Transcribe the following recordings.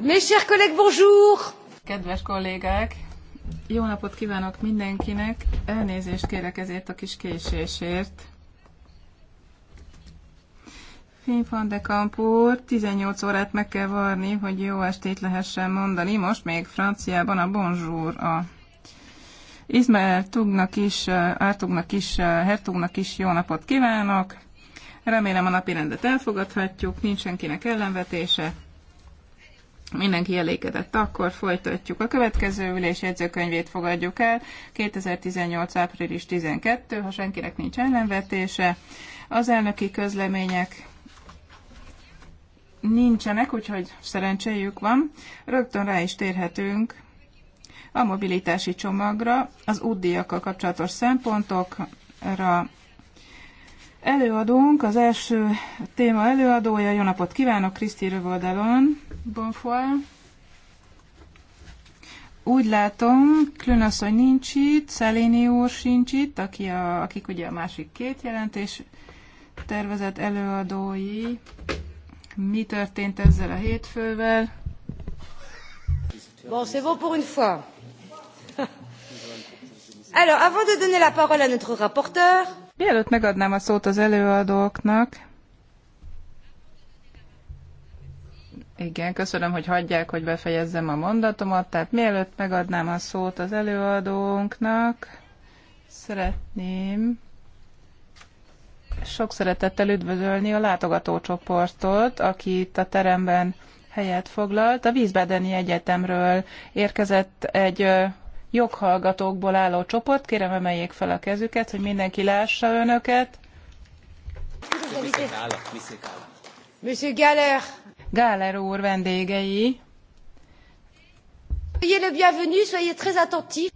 Mes chers collègues, bonjour! Kedves kollégák, jó napot kívánok mindenkinek, elnézést kérek ezért a kis késésért. Fény van de Kampur, 18 órát meg kell varni, hogy jó estét lehessen mondani, most még franciában a bonjour a Izmael Tugnak is, Ártugnak is, Hertugnak is jó napot kívánok. Remélem a napi rendet elfogadhatjuk, nincs senkinek ellenvetése. Mindenki elégedett, akkor folytatjuk. A következő ülés jegyzőkönyvét fogadjuk el, 2018. április 12, ha senkinek nincs ellenvetése. Az elnöki közlemények nincsenek, úgyhogy szerencséjük van. Rögtön rá is térhetünk a mobilitási csomagra, az útdíjakkal kapcsolatos szempontokra. Előadónk, az első téma előadója, jó napot kívánok, Kriszti Rövoldalon, bonfoy. Úgy látom, Klünasszony nincs itt, Szeléni úr sincs itt, aki a, akik ugye a másik két jelentés tervezett előadói. Mi történt ezzel a hétfővel? Bon, c'est bon pour une fois. Alors, avant de donner la parole à notre rapporteur... Mielőtt megadnám a szót az előadóknak, Igen, köszönöm, hogy hagyják, hogy befejezzem a mondatomat. Tehát mielőtt megadnám a szót az előadónknak, szeretném sok szeretettel üdvözölni a látogatócsoportot, aki itt a teremben helyet foglalt. A Vízbedeni Egyetemről érkezett egy joghallgatókból álló csoport. Kérem, emeljék fel a kezüket, hogy mindenki lássa önöket. Monsieur Galler. Galler úr vendégei.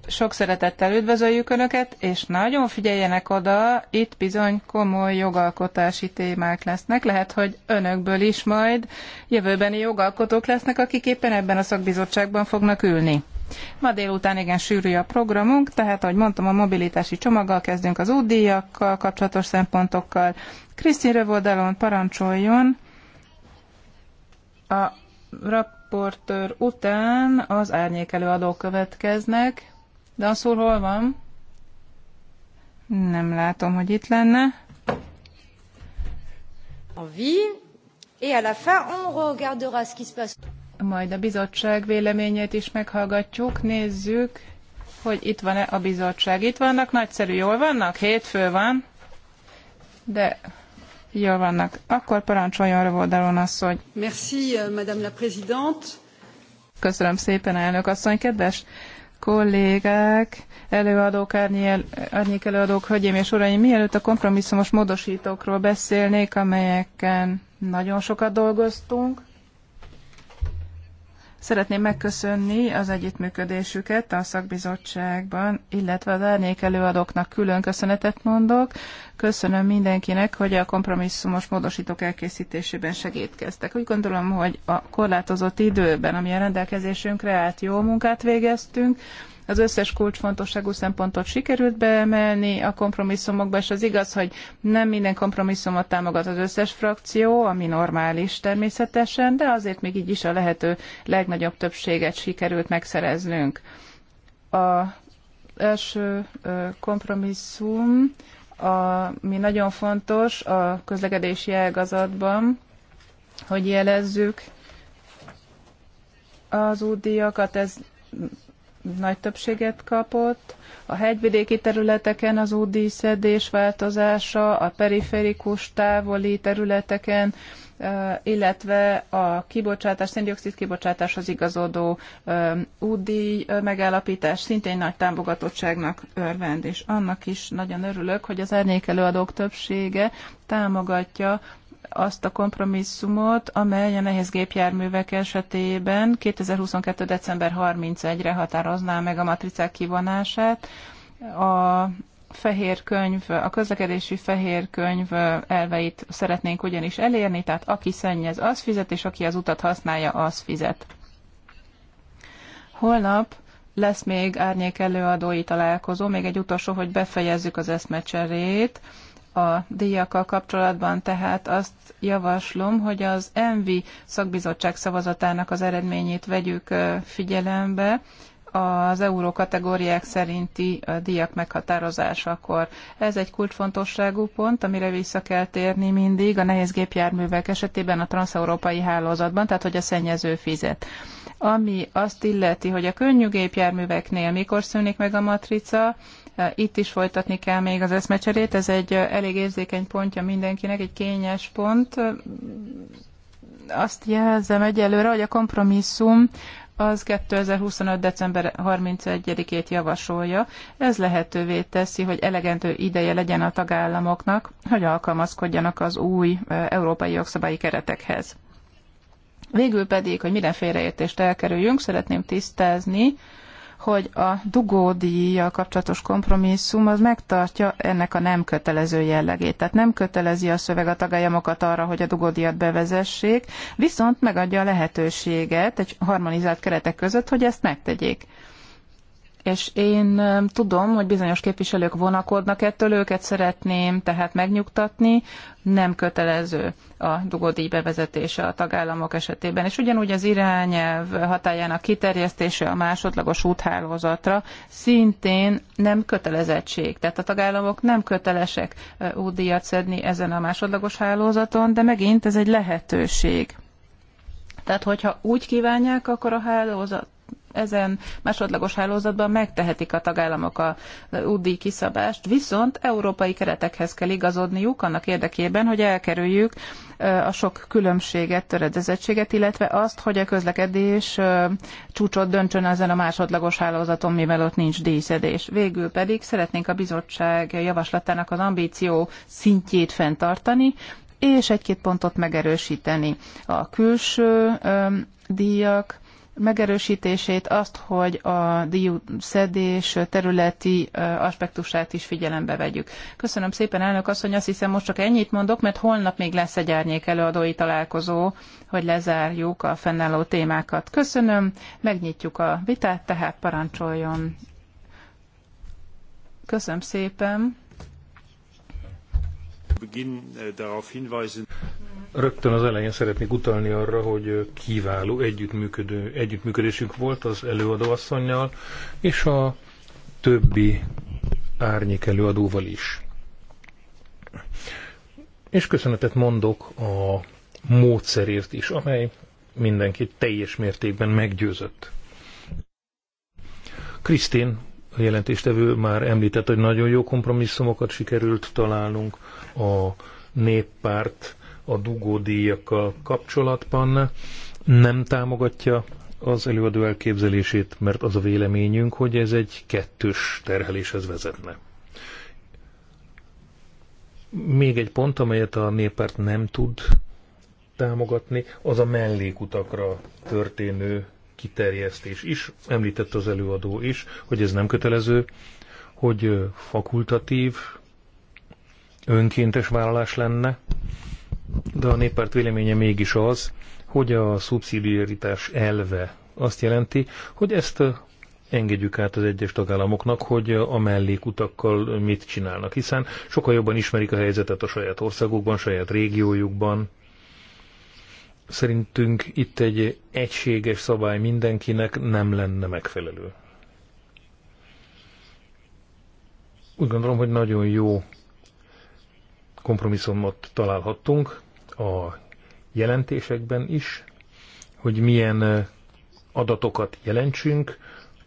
Sok szeretettel üdvözöljük Önöket, és nagyon figyeljenek oda, itt bizony komoly jogalkotási témák lesznek. Lehet, hogy Önökből is majd jövőbeni jogalkotók lesznek, akik éppen ebben a szakbizottságban fognak ülni. Ma délután igen sűrű a programunk, tehát ahogy mondtam, a mobilitási csomaggal kezdünk az útdíjakkal kapcsolatos szempontokkal. Krisztin Rövoldalon parancsoljon a raportőr után az árnyékelő adók következnek. De a úr hol van? Nem látom, hogy itt lenne. A vie. Et à la fin, on regardera ce qui se passe majd a bizottság véleményét is meghallgatjuk, nézzük, hogy itt van-e a bizottság. Itt vannak, nagyszerű, jól vannak? Hétfő van, de jól vannak. Akkor parancsoljon Rövoldalon hogy... Merci, euh, Madame la Présidente. Köszönöm szépen, elnök asszony, kedves kollégák, előadók, árnyék előadók, hölgyeim és uraim, mielőtt a kompromisszumos módosítókról beszélnék, amelyeken nagyon sokat dolgoztunk, Szeretném megköszönni az együttműködésüket a szakbizottságban, illetve az árnyék előadóknak külön köszönetet mondok. Köszönöm mindenkinek, hogy a kompromisszumos módosítók elkészítésében segítkeztek. Úgy gondolom, hogy a korlátozott időben, ami a rendelkezésünkre állt, jó munkát végeztünk, az összes kulcsfontosságú szempontot sikerült beemelni a kompromisszumokba, és az igaz, hogy nem minden kompromisszumot támogat az összes frakció, ami normális természetesen, de azért még így is a lehető legnagyobb többséget sikerült megszereznünk. A első kompromisszum, ami nagyon fontos a közlekedési ágazatban, hogy jelezzük az útdíjakat, ez nagy többséget kapott. A hegyvidéki területeken az útdíjszedés változása, a periférikus távoli területeken, illetve a kibocsátás, széndiokszid kibocsátáshoz igazodó útdíj megállapítás szintén nagy támogatottságnak örvend, és annak is nagyon örülök, hogy az árnyékelőadók többsége támogatja azt a kompromisszumot, amely a nehéz gépjárművek esetében 2022. december 31-re határozná meg a matricák kivonását. A fehér könyv, a közlekedési fehér könyv elveit szeretnénk ugyanis elérni, tehát aki szennyez, az fizet, és aki az utat használja, az fizet. Holnap lesz még árnyék előadói találkozó, még egy utolsó, hogy befejezzük az eszmecserét a díjakkal kapcsolatban, tehát azt javaslom, hogy az ENVI szakbizottság szavazatának az eredményét vegyük figyelembe az euró kategóriák szerinti díjak meghatározásakor. Ez egy kulcsfontosságú pont, amire vissza kell térni mindig a nehéz gépjárművek esetében a transeurópai hálózatban, tehát hogy a szennyező fizet ami azt illeti, hogy a könnyű gépjárműveknél mikor szűnik meg a matrica, itt is folytatni kell még az eszmecserét, ez egy elég érzékeny pontja mindenkinek, egy kényes pont. Azt jelzem egyelőre, hogy a kompromisszum az 2025. december 31-ét javasolja. Ez lehetővé teszi, hogy elegendő ideje legyen a tagállamoknak, hogy alkalmazkodjanak az új európai jogszabályi keretekhez. Végül pedig, hogy mindenféle értést elkerüljünk, szeretném tisztázni, hogy a dugódíjjal kapcsolatos kompromisszum az megtartja ennek a nem kötelező jellegét. Tehát nem kötelezi a szöveg a tagállamokat arra, hogy a dugódíjat bevezessék, viszont megadja a lehetőséget egy harmonizált keretek között, hogy ezt megtegyék és én tudom, hogy bizonyos képviselők vonakodnak ettől, őket szeretném tehát megnyugtatni, nem kötelező a dugódíj bevezetése a tagállamok esetében. És ugyanúgy az irányelv hatájának kiterjesztése a másodlagos úthálózatra szintén nem kötelezettség. Tehát a tagállamok nem kötelesek útdíjat szedni ezen a másodlagos hálózaton, de megint ez egy lehetőség. Tehát, hogyha úgy kívánják, akkor a hálózat ezen másodlagos hálózatban megtehetik a tagállamok a UDI kiszabást, viszont európai keretekhez kell igazodniuk annak érdekében, hogy elkerüljük a sok különbséget, töredezettséget, illetve azt, hogy a közlekedés csúcsot döntsön ezen a másodlagos hálózaton, mivel ott nincs díszedés. Végül pedig szeretnénk a bizottság javaslatának az ambíció szintjét fenntartani, és egy-két pontot megerősíteni. A külső díjak, megerősítését, azt, hogy a díjú területi aspektusát is figyelembe vegyük. Köszönöm szépen, elnök asszony, azt hiszem most csak ennyit mondok, mert holnap még lesz egy árnyék előadói találkozó, hogy lezárjuk a fennálló témákat. Köszönöm, megnyitjuk a vitát, tehát parancsoljon. Köszönöm szépen. Äh, Rögtön az elején szeretnék utalni arra, hogy kiváló együttműködő, együttműködésünk volt az előadóasszonynal, és a többi árnyék előadóval is. És köszönetet mondok a módszerért is, amely mindenkit teljes mértékben meggyőzött. Krisztin a jelentéstevő már említett, hogy nagyon jó kompromisszumokat sikerült találnunk a néppárt a dugódíjakkal kapcsolatban. Nem támogatja az előadó elképzelését, mert az a véleményünk, hogy ez egy kettős terheléshez vezetne. Még egy pont, amelyet a néppárt nem tud támogatni, az a mellékutakra történő kiterjesztés is, említett az előadó is, hogy ez nem kötelező, hogy fakultatív, önkéntes vállalás lenne, de a néppárt véleménye mégis az, hogy a szubszidiaritás elve azt jelenti, hogy ezt engedjük át az egyes tagállamoknak, hogy a mellékutakkal mit csinálnak, hiszen sokkal jobban ismerik a helyzetet a saját országukban, saját régiójukban, Szerintünk itt egy egységes szabály mindenkinek nem lenne megfelelő. Úgy gondolom, hogy nagyon jó kompromisszumot találhattunk a jelentésekben is, hogy milyen adatokat jelentsünk,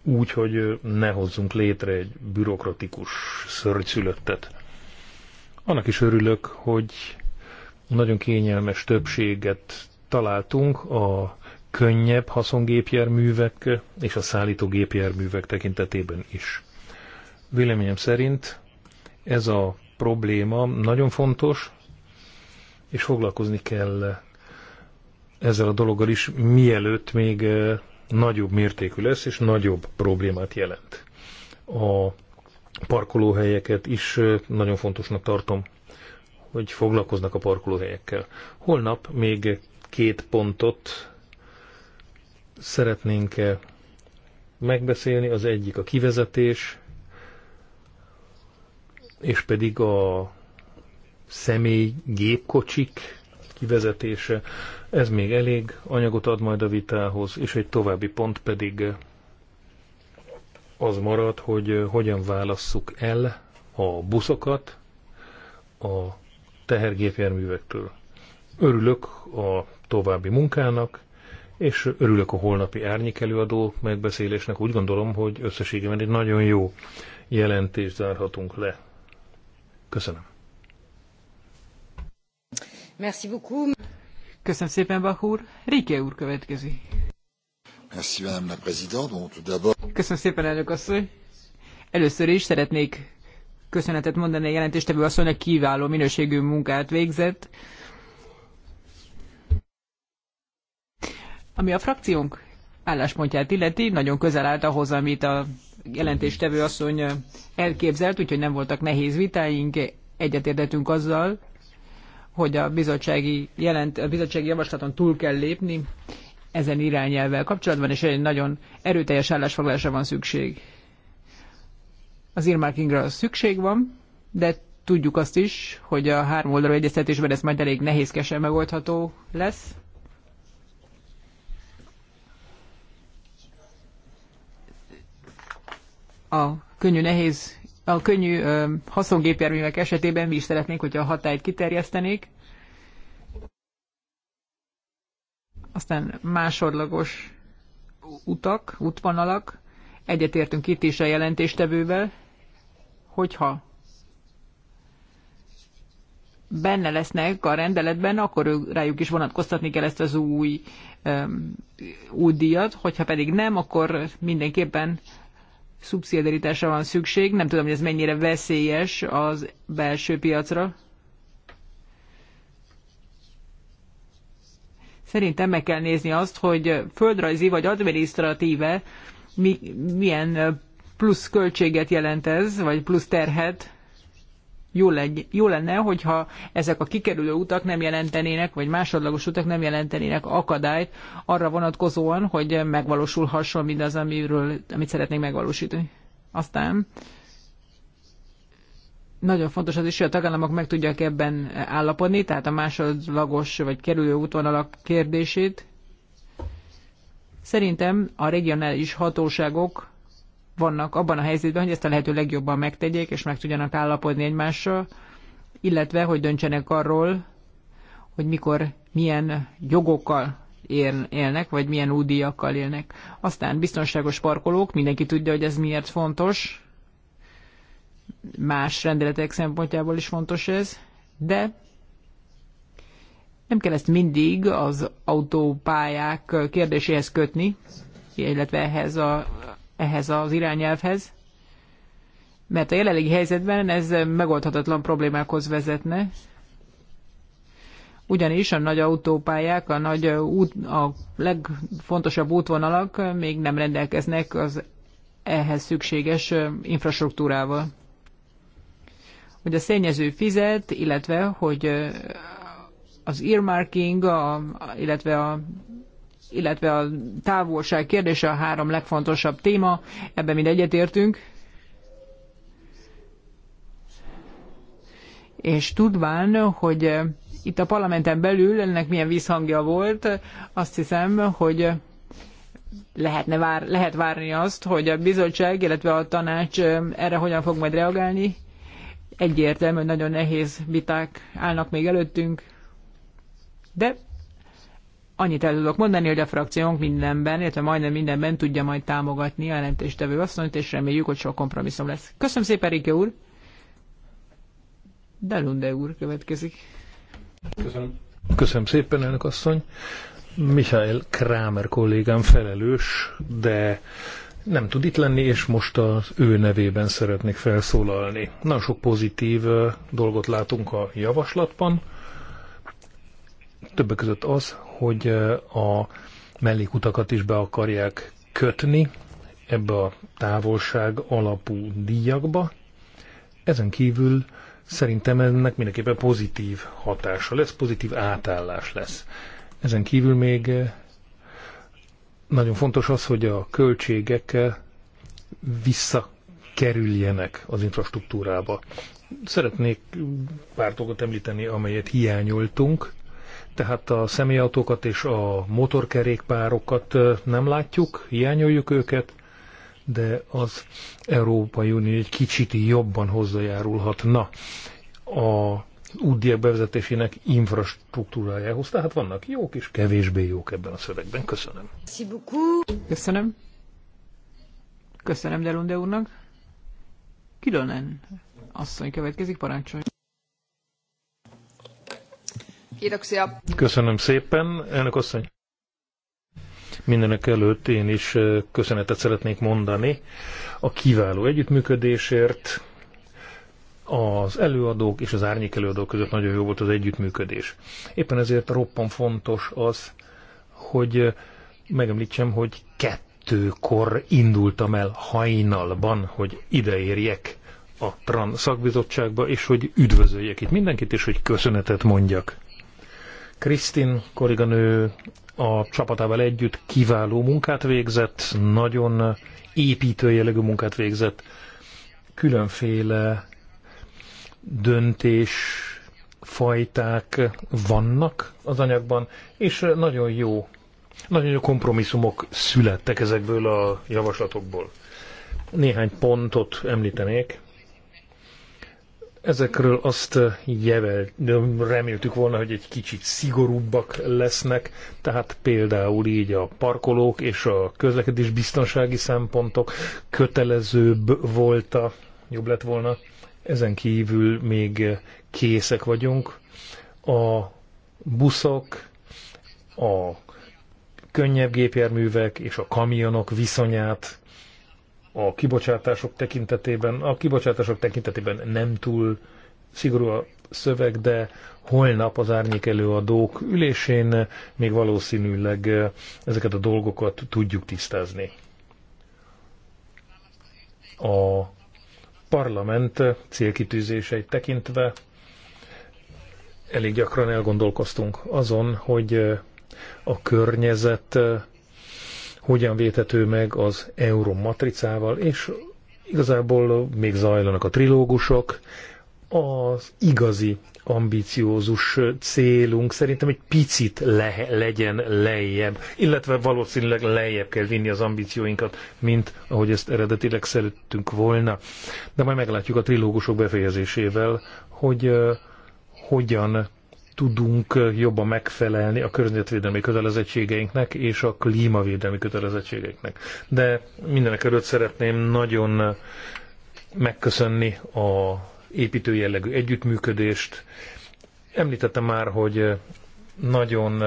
úgy, hogy ne hozzunk létre egy bürokratikus szörnyszülöttet. Annak is örülök, hogy nagyon kényelmes többséget találtunk a könnyebb haszongépjárművek és a szállító gépjárművek tekintetében is. Véleményem szerint ez a probléma nagyon fontos, és foglalkozni kell ezzel a dologgal is, mielőtt még eh, nagyobb mértékű lesz, és nagyobb problémát jelent. A parkolóhelyeket is eh, nagyon fontosnak tartom, hogy foglalkoznak a parkolóhelyekkel. Holnap még két pontot szeretnénk megbeszélni. Az egyik a kivezetés, és pedig a személy gépkocsik kivezetése. Ez még elég anyagot ad majd a vitához, és egy további pont pedig az marad, hogy hogyan válasszuk el a buszokat a tehergépjárművektől. Örülök a további munkának, és örülök a holnapi előadó megbeszélésnek. Úgy gondolom, hogy összességében egy nagyon jó jelentést zárhatunk le. Köszönöm. Merci beaucoup. Köszönöm szépen, Bach Rike úr következik. Merci, madame la présidente. Bon, tout d'abord... Köszönöm szépen, elnök asszony. Először is szeretnék köszönetet mondani a jelentéstevő asszonynak kiváló minőségű munkát végzett. Ami a frakciónk álláspontját illeti, nagyon közel állt ahhoz, amit a jelentéstevő asszony elképzelt, úgyhogy nem voltak nehéz vitáink, egyetértettünk azzal, hogy a bizottsági, jelent, a bizottsági javaslaton túl kell lépni ezen irányelvvel kapcsolatban, és egy nagyon erőteljes állásfoglalásra van szükség. Az earmarkingra szükség van, de tudjuk azt is, hogy a három oldalú egyeztetésben ez majd elég nehézkesen megoldható lesz. a könnyű nehéz, a könnyű ö, haszongépjárművek esetében mi is szeretnénk, hogy a hatályt kiterjesztenék. Aztán másodlagos utak, útvonalak. Egyetértünk itt is a jelentéstevővel, hogyha benne lesznek a rendeletben, akkor rájuk is vonatkoztatni kell ezt az új, um, új díjat, hogyha pedig nem, akkor mindenképpen szubszidiaritásra van szükség. Nem tudom, hogy ez mennyire veszélyes az belső piacra. Szerintem meg kell nézni azt, hogy földrajzi vagy adminisztratíve mi, milyen plusz költséget jelent ez, vagy plusz terhet jó, legy, jó lenne, hogyha ezek a kikerülő utak nem jelentenének, vagy másodlagos utak nem jelentenének akadályt arra vonatkozóan, hogy megvalósulhasson mindaz, amiről, amit szeretnénk megvalósítani. Aztán nagyon fontos az is, hogy a tagállamok meg tudják ebben állapodni, tehát a másodlagos vagy kerülő útvonalak kérdését. Szerintem a regionális hatóságok vannak abban a helyzetben, hogy ezt a lehető legjobban megtegyék, és meg tudjanak állapodni egymással, illetve hogy döntsenek arról, hogy mikor milyen jogokkal élnek, vagy milyen údíjakkal élnek. Aztán biztonságos parkolók, mindenki tudja, hogy ez miért fontos, más rendeletek szempontjából is fontos ez, de nem kell ezt mindig az autópályák kérdéséhez kötni, illetve ehhez a ehhez az irányelvhez, mert a jelenlegi helyzetben ez megoldhatatlan problémákhoz vezetne, ugyanis a nagy autópályák, a, nagy út, a legfontosabb útvonalak még nem rendelkeznek az ehhez szükséges infrastruktúrával. Hogy a szennyező fizet, illetve hogy az earmarking, a, illetve a illetve a távolság kérdése a három legfontosabb téma, ebben mind egyetértünk. És tudván, hogy itt a parlamenten belül ennek milyen visszhangja volt, azt hiszem, hogy lehetne vár, lehet várni azt, hogy a bizottság, illetve a tanács erre hogyan fog majd reagálni. Egyértelmű, hogy nagyon nehéz viták állnak még előttünk, de annyit el tudok mondani, hogy a frakciónk mindenben, illetve majdnem mindenben tudja majd támogatni a jelentéstevő asszonyt, és reméljük, hogy sok kompromisszum lesz. Köszönöm szépen, Rike úr! Delunde úr következik. Köszönöm. Köszönöm szépen, elnök asszony. Michael Kramer kollégám felelős, de nem tud itt lenni, és most az ő nevében szeretnék felszólalni. Nagyon sok pozitív dolgot látunk a javaslatban. Többek között az, hogy a mellékutakat is be akarják kötni ebbe a távolság alapú díjakba. Ezen kívül szerintem ennek mindenképpen pozitív hatása lesz, pozitív átállás lesz. Ezen kívül még nagyon fontos az, hogy a költségek visszakerüljenek az infrastruktúrába. Szeretnék pár dolgot említeni, amelyet hiányoltunk tehát a személyautókat és a motorkerékpárokat nem látjuk, hiányoljuk őket, de az Európai Unió egy kicsit jobban hozzájárulhatna a útdiak bevezetésének infrastruktúrájához. Tehát vannak jók és kevésbé jók ebben a szövegben. Köszönöm. Köszönöm. Köszönöm Delunde úrnak. Kilönen asszony következik, parancsolj. Kiitoksia. Köszönöm szépen, elnök asszony. Mindenek előtt én is köszönetet szeretnék mondani a kiváló együttműködésért. Az előadók és az árnyék előadók között nagyon jó volt az együttműködés. Éppen ezért roppan fontos az, hogy megemlítsem, hogy kettőkor indultam el hajnalban, hogy ideérjek a TRAN szakbizottságba, és hogy üdvözöljek itt mindenkit, és hogy köszönetet mondjak. Krisztin kolléganő a csapatával együtt kiváló munkát végzett, nagyon építő jellegű munkát végzett, különféle döntés fajták vannak az anyagban, és nagyon jó, nagyon jó kompromisszumok születtek ezekből a javaslatokból. Néhány pontot említenék. Ezekről azt eh, jevel, reméltük volna, hogy egy kicsit szigorúbbak lesznek, tehát például így a parkolók és a közlekedés biztonsági szempontok kötelezőbb volt a, jobb lett volna. Ezen kívül még eh, készek vagyunk. A buszok, a könnyebb gépjárművek és a kamionok viszonyát a kibocsátások tekintetében. A kibocsátások tekintetében nem túl szigorú a szöveg, de holnap az árnyék előadók ülésén még valószínűleg ezeket a dolgokat tudjuk tisztázni. A parlament célkitűzéseit tekintve elég gyakran elgondolkoztunk azon, hogy a környezet hogyan vétető meg az euró matricával és igazából még zajlanak a trilógusok. Az igazi ambíciózus célunk szerintem egy picit le- legyen lejjebb, illetve valószínűleg lejjebb kell vinni az ambícióinkat, mint ahogy ezt eredetileg szerettünk volna. De majd meglátjuk a trilógusok befejezésével, hogy uh, hogyan tudunk eh, jobban megfelelni a környezetvédelmi kötelezettségeinknek és a klímavédelmi kötelezettségeinknek. De mindenek előtt szeretném nagyon eh, megköszönni a építő jellegű együttműködést. Említettem már, hogy eh, nagyon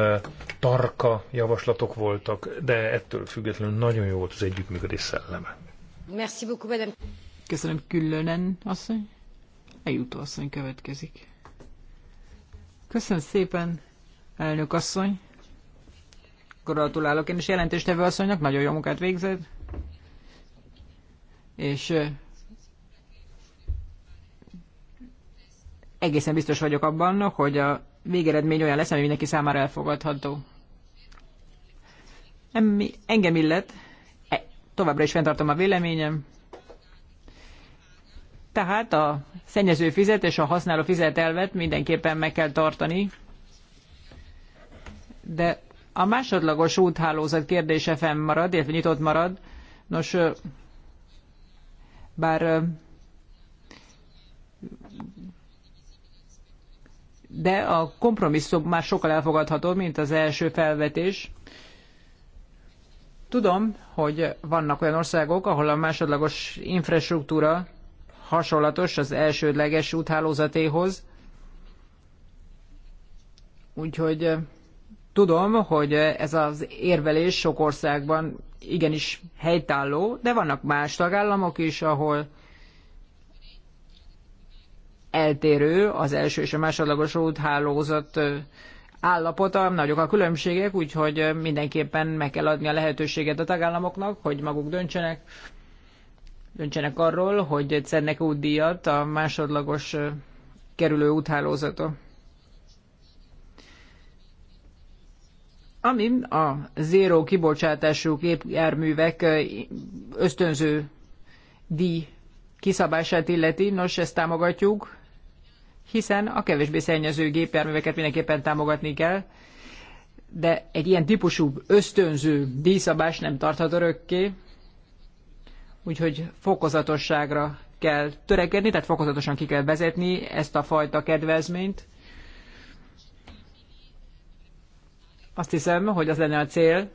tarka javaslatok voltak, de ettől függetlenül nagyon jó volt az együttműködés szelleme. Merci beaucoup, madame. Köszönöm különen, asszony. Eljutó asszony következik. Köszönöm szépen, elnök asszony. Gratulálok én is jelentéstevő asszonynak, nagyon jó munkát végzett. És egészen biztos vagyok abban, hogy a végeredmény olyan lesz, ami mindenki számára elfogadható. Engem illet, e, továbbra is fenntartom a véleményem, tehát a szennyező fizet és a használó fizet elvet mindenképpen meg kell tartani. De a másodlagos úthálózat kérdése fennmarad, illetve nyitott marad. Nos, bár de a kompromisszum már sokkal elfogadhatóbb, mint az első felvetés. Tudom, hogy vannak olyan országok, ahol a másodlagos infrastruktúra hasonlatos az elsődleges úthálózatéhoz. Úgyhogy tudom, hogy ez az érvelés sok országban igenis helytálló, de vannak más tagállamok is, ahol eltérő az első és a másodlagos úthálózat állapota, nagyok a különbségek, úgyhogy mindenképpen meg kell adni a lehetőséget a tagállamoknak, hogy maguk döntsenek, döntsenek arról, hogy szednek útdíjat a másodlagos kerülő úthálózata. Ami a zéró kibocsátású gépjárművek ösztönző díj kiszabását illeti, nos, ezt támogatjuk, hiszen a kevésbé szennyező gépjárműveket mindenképpen támogatni kell, de egy ilyen típusú ösztönző díjszabás nem tarthat örökké, úgyhogy fokozatosságra kell törekedni, tehát fokozatosan ki kell vezetni ezt a fajta kedvezményt. Azt hiszem, hogy az lenne a cél,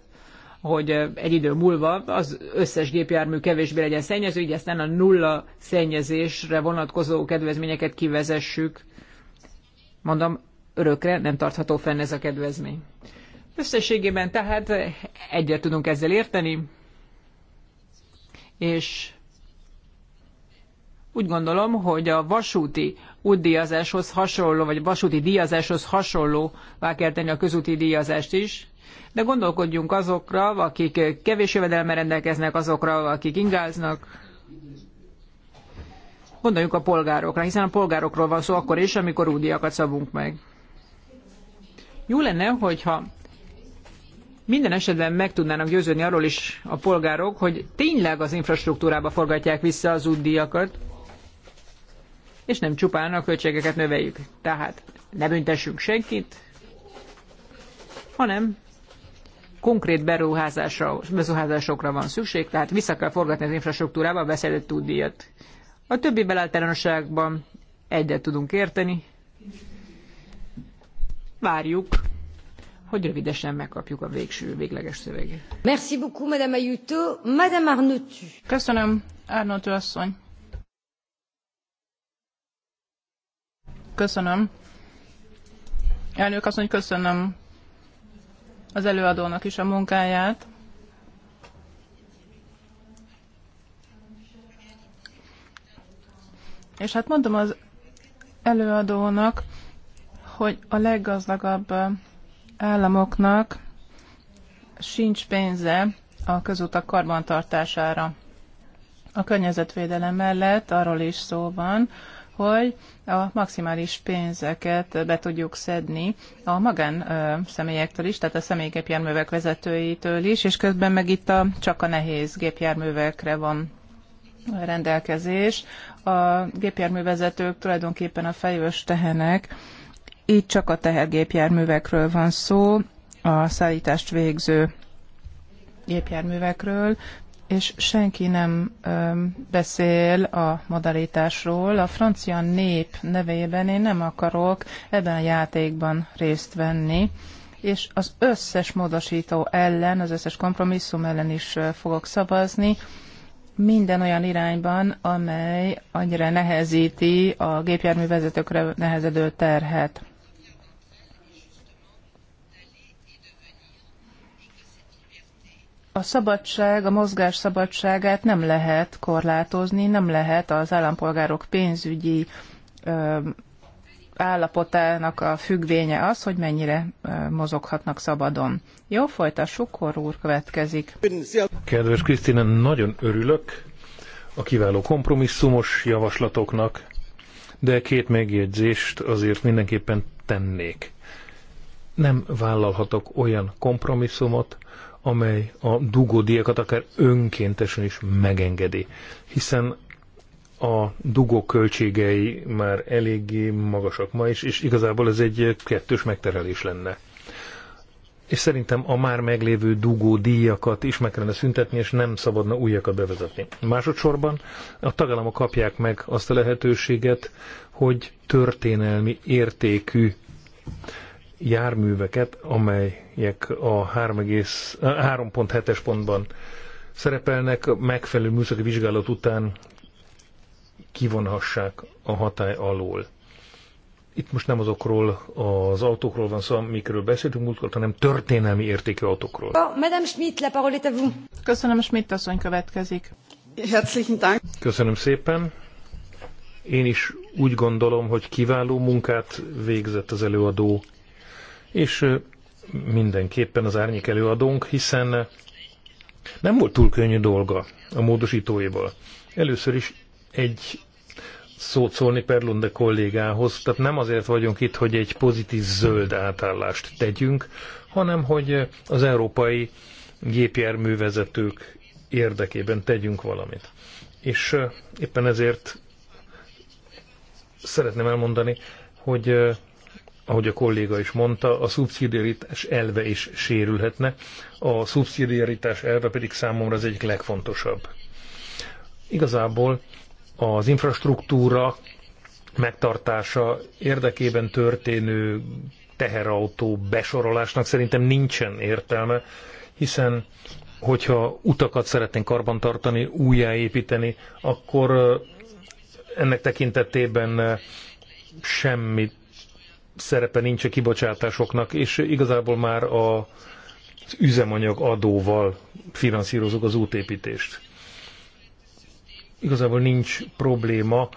hogy egy idő múlva az összes gépjármű kevésbé legyen szennyező, így aztán a nulla szennyezésre vonatkozó kedvezményeket kivezessük. Mondom, örökre nem tartható fenn ez a kedvezmény. Összességében tehát egyet tudunk ezzel érteni, és úgy gondolom, hogy a vasúti útdíjazáshoz hasonló, vagy vasúti díjazáshoz hasonló kell tenni a közúti díjazást is, de gondolkodjunk azokra, akik kevés jövedelme rendelkeznek, azokra, akik ingáznak. Gondoljunk a polgárokra, hiszen a polgárokról van szó akkor is, amikor údiakat szabunk meg. Jó lenne, hogyha minden esetben meg tudnának győződni arról is a polgárok, hogy tényleg az infrastruktúrába forgatják vissza az útdíjakat, és nem csupán a költségeket növeljük. Tehát ne büntessünk senkit, hanem konkrét beruházásokra van szükség, tehát vissza kell forgatni az infrastruktúrába a beszedett útdíjat. A többi beláltalánosságban egyet tudunk érteni. Várjuk hogy rövidesen megkapjuk a végső, végleges szöveget. Merci beaucoup, Madame Ayuto. Madame Arnautu. Köszönöm, Arnautu asszony. Köszönöm. Elnök asszony, köszönöm az előadónak is a munkáját. És hát mondom az előadónak, hogy a leggazdagabb államoknak sincs pénze a közutak karbantartására. A környezetvédelem mellett arról is szó van, hogy a maximális pénzeket be tudjuk szedni a magán személyektől is, tehát a személygépjárművek vezetőitől is, és közben meg itt a, csak a nehéz gépjárművekre van rendelkezés. A gépjárművezetők tulajdonképpen a fejős tehenek, itt csak a tehergépjárművekről van szó, a szállítást végző gépjárművekről, és senki nem ö, beszél a modalitásról. A francia nép nevében én nem akarok ebben a játékban részt venni, és az összes módosító ellen, az összes kompromisszum ellen is fogok szavazni, minden olyan irányban, amely annyira nehezíti a gépjárművezetőkre nehezedő terhet. a szabadság, a mozgás szabadságát nem lehet korlátozni, nem lehet az állampolgárok pénzügyi ö, állapotának a függvénye az, hogy mennyire mozoghatnak szabadon. Jó, folytassuk, Kor úr következik. Kedves Krisztina, nagyon örülök a kiváló kompromisszumos javaslatoknak, de két megjegyzést azért mindenképpen tennék. Nem vállalhatok olyan kompromisszumot, amely a dugódíjakat akár önkéntesen is megengedi, hiszen a dugó költségei már eléggé magasak ma is, és igazából ez egy kettős megterelés lenne. És szerintem a már meglévő dugó díjakat is meg kellene szüntetni, és nem szabadna újakat bevezetni. Másodszorban a tagállamok kapják meg azt a lehetőséget, hogy történelmi értékű járműveket, amelyek a 3.7-es pontban szerepelnek, megfelelő műszaki vizsgálat után kivonhassák a hatály alól. Itt most nem azokról az autókról van szó, amikről beszéltünk múltkor, hanem történelmi értékű autókról. Madame Schmidt, la parole est à vous. Köszönöm, Schmidt asszony következik. Herzlichen Dank. Köszönöm szépen. Én is úgy gondolom, hogy kiváló munkát végzett az előadó és mindenképpen az árnyék előadónk, hiszen nem volt túl könnyű dolga a módosítóival. Először is egy szót szólni Perlunde kollégához, tehát nem azért vagyunk itt, hogy egy pozitív zöld átállást tegyünk, hanem hogy az európai gépjárművezetők érdekében tegyünk valamit. És éppen ezért szeretném elmondani, hogy ahogy a kolléga is mondta, a szubszidiaritás elve is sérülhetne. A szubszidiaritás elve pedig számomra az egyik legfontosabb. Igazából az infrastruktúra megtartása érdekében történő teherautó besorolásnak szerintem nincsen értelme, hiszen hogyha utakat szeretnénk karbantartani, újjáépíteni, akkor ennek tekintetében semmit szerepe nincs a kibocsátásoknak, és igazából már a, az üzemanyag adóval finanszírozunk az útépítést. Igazából nincs probléma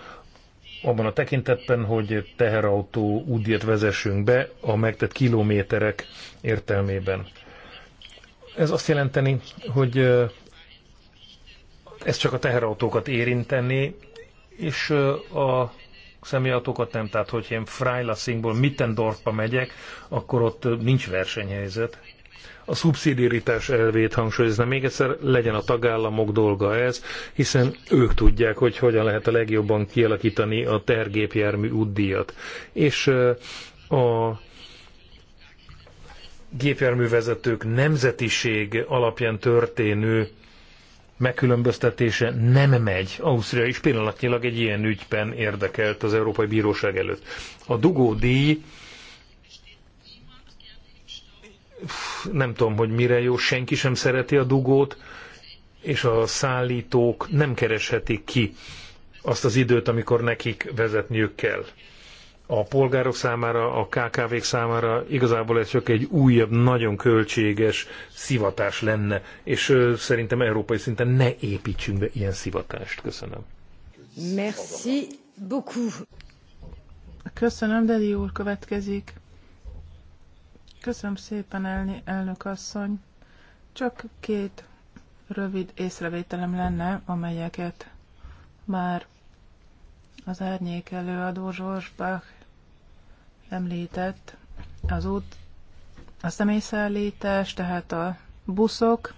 abban a tekintetben, hogy teherautó útját vezessünk be a megtett kilométerek értelmében. Ez azt jelenteni, hogy ez csak a teherautókat érinteni, és a személyautókat nem, tehát hogyha én Freilassingból Mittendorfba megyek, akkor ott nincs versenyhelyzet. A szubszidiaritás elvét hangsúlyozna még egyszer, legyen a tagállamok dolga ez, hiszen ők tudják, hogy hogyan lehet a legjobban kialakítani a tergépjármű útdíjat. És a gépjárművezetők nemzetiség alapján történő megkülönböztetése nem megy. Ausztria is pillanatnyilag egy ilyen ügyben érdekelt az Európai Bíróság előtt. A dugódíj nem tudom, hogy mire jó, senki sem szereti a dugót, és a szállítók nem kereshetik ki azt az időt, amikor nekik vezetniük kell a polgárok számára, a KKV-k számára igazából ez csak egy újabb, nagyon költséges szivatás lenne, és szerintem európai szinten ne építsünk be ilyen szivatást. Köszönöm. Merci beaucoup. Köszönöm, Deli úr következik. Köszönöm szépen, elni, elnök asszony. Csak két rövid észrevételem lenne, amelyeket már az árnyék előadó Bach említett, az út, a személyszállítás, tehát a buszok,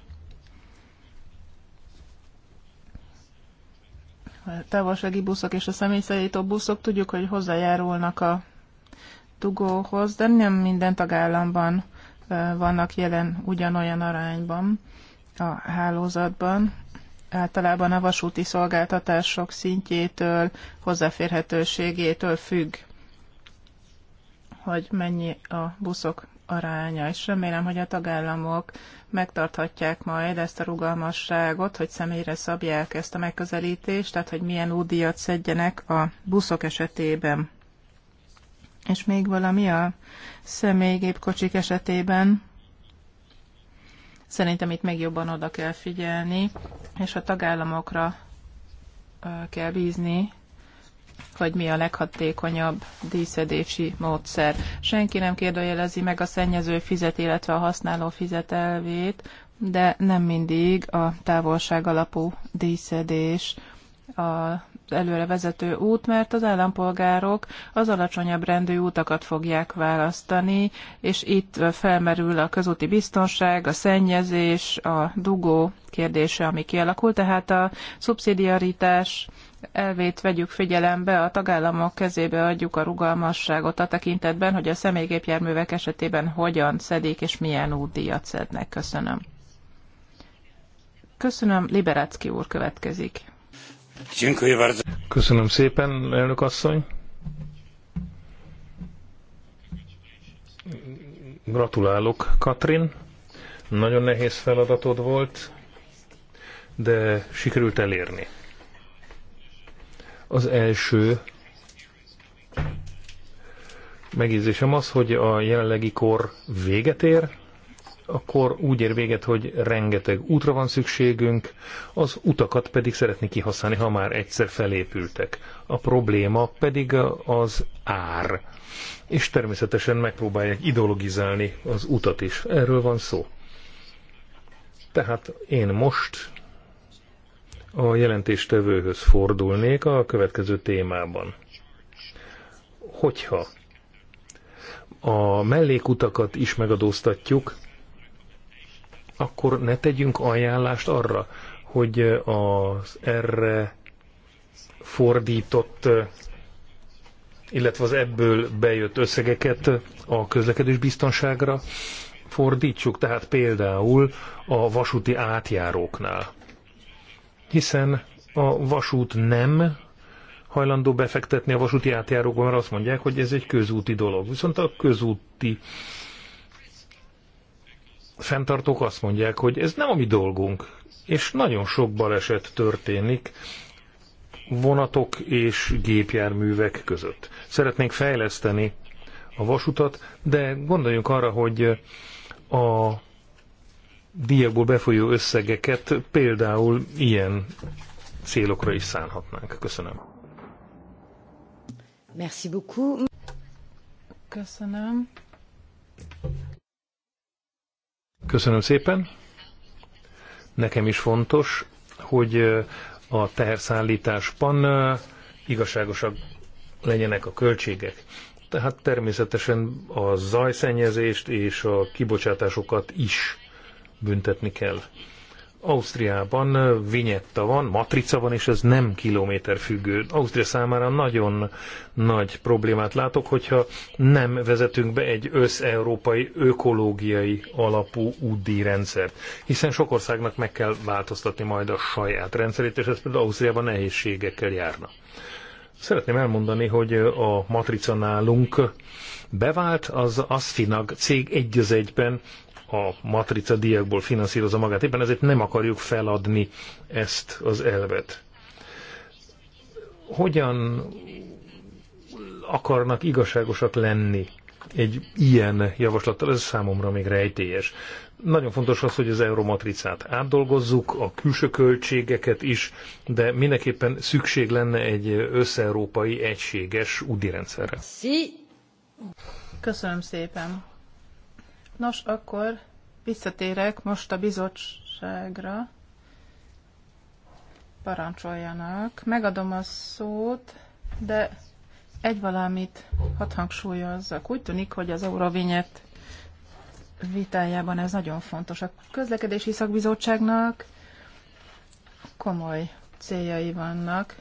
a távolsági buszok és a személyszállító buszok, tudjuk, hogy hozzájárulnak a dugóhoz, de nem minden tagállamban vannak jelen ugyanolyan arányban a hálózatban. Általában a vasúti szolgáltatások szintjétől, hozzáférhetőségétől függ hogy mennyi a buszok aránya, és remélem, hogy a tagállamok megtarthatják majd ezt a rugalmasságot, hogy személyre szabják ezt a megközelítést, tehát hogy milyen útdíjat szedjenek a buszok esetében. És még valami a személygépkocsik esetében. Szerintem itt még jobban oda kell figyelni, és a tagállamokra kell bízni, hogy mi a leghatékonyabb díszedési módszer. Senki nem kérdőjelezi meg a szennyező fizet, illetve a használó fizetelvét, de nem mindig a távolság alapú díszedés az előre vezető út, mert az állampolgárok az alacsonyabb rendű útakat fogják választani, és itt felmerül a közúti biztonság, a szennyezés, a dugó kérdése, ami kialakult, tehát a szubszidiaritás elvét vegyük figyelembe, a tagállamok kezébe adjuk a rugalmasságot a tekintetben, hogy a személygépjárművek esetében hogyan szedik és milyen útdíjat szednek. Köszönöm. Köszönöm, Liberácki úr következik. Köszönöm szépen, elnök asszony. Gratulálok, Katrin. Nagyon nehéz feladatod volt, de sikerült elérni. Az első megjegyzésem az, hogy a jelenlegi kor véget ér, akkor úgy ér véget, hogy rengeteg útra van szükségünk, az utakat pedig szeretni kihasználni, ha már egyszer felépültek. A probléma pedig az ár. És természetesen megpróbálják ideologizálni az utat is. Erről van szó. Tehát én most a jelentéstevőhöz fordulnék a következő témában. Hogyha a mellékutakat is megadóztatjuk, akkor ne tegyünk ajánlást arra, hogy az erre fordított, illetve az ebből bejött összegeket a közlekedés biztonságra fordítsuk, tehát például a vasúti átjáróknál hiszen a vasút nem hajlandó befektetni a vasúti átjárókban, mert azt mondják, hogy ez egy közúti dolog. Viszont a közúti fenntartók azt mondják, hogy ez nem a mi dolgunk, és nagyon sok baleset történik vonatok és gépjárművek között. Szeretnénk fejleszteni a vasutat, de gondoljunk arra, hogy a díjakból befolyó összegeket például ilyen célokra is szánhatnánk. Köszönöm. Merci beaucoup. Köszönöm. Köszönöm szépen. Nekem is fontos, hogy a teherszállításban igazságosak legyenek a költségek. Tehát természetesen a zajszennyezést és a kibocsátásokat is büntetni kell. Ausztriában vinyetta van, matrica van, és ez nem kilométer függő. Ausztria számára nagyon nagy problémát látok, hogyha nem vezetünk be egy összeurópai ökológiai alapú rendszert. Hiszen sok országnak meg kell változtatni majd a saját rendszerét, és ez például Ausztriában nehézségekkel járna. Szeretném elmondani, hogy a matrica nálunk bevált, az Asfinag cég egy az egyben a matrica diákból finanszírozza magát, éppen ezért nem akarjuk feladni ezt az elvet. Hogyan akarnak igazságosak lenni egy ilyen javaslattal, ez számomra még rejtélyes. Nagyon fontos az, hogy az euromatricát átdolgozzuk, a külső költségeket is, de mindenképpen szükség lenne egy összeurópai egységes UDI rendszerre. Köszönöm szépen. Nos, akkor visszatérek most a bizottságra. Parancsoljanak. Megadom a szót, de egy valamit hadd hangsúlyozzak. Úgy tűnik, hogy az Eurovinyet vitájában ez nagyon fontos. A közlekedési szakbizottságnak komoly céljai vannak,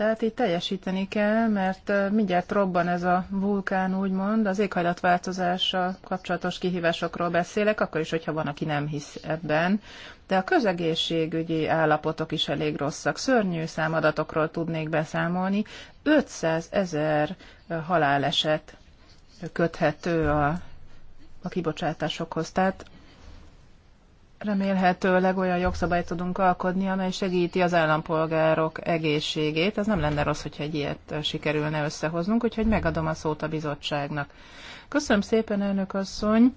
Tehát így teljesíteni kell, mert mindjárt robban ez a vulkán, úgymond, az éghajlatváltozással kapcsolatos kihívásokról beszélek, akkor is, hogyha van, aki nem hisz ebben. De a közegészségügyi állapotok is elég rosszak. Szörnyű számadatokról tudnék beszámolni. 500 ezer haláleset köthető a, a kibocsátásokhoz. Tehát Remélhetőleg olyan jogszabályt tudunk alkodni, amely segíti az állampolgárok egészségét. Ez nem lenne rossz, hogyha egy ilyet sikerülne összehoznunk, úgyhogy megadom a szót a bizottságnak. Köszönöm szépen, elnök asszony!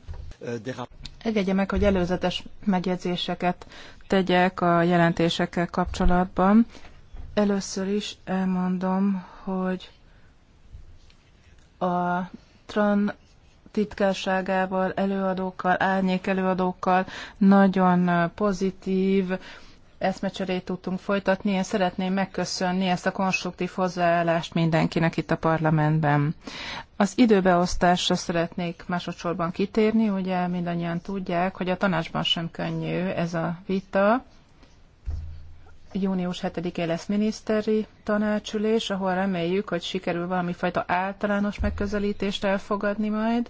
Egyegye meg, hogy előzetes megjegyzéseket tegyek a jelentésekkel kapcsolatban. Először is elmondom, hogy a titkárságával, előadókkal, árnyék előadókkal nagyon pozitív eszmecserét tudtunk folytatni. Én szeretném megköszönni ezt a konstruktív hozzáállást mindenkinek itt a parlamentben. Az időbeosztásra szeretnék másodszorban kitérni, ugye mindannyian tudják, hogy a tanácsban sem könnyű ez a vita június 7-én lesz miniszteri tanácsülés, ahol reméljük, hogy sikerül valami fajta általános megközelítést elfogadni majd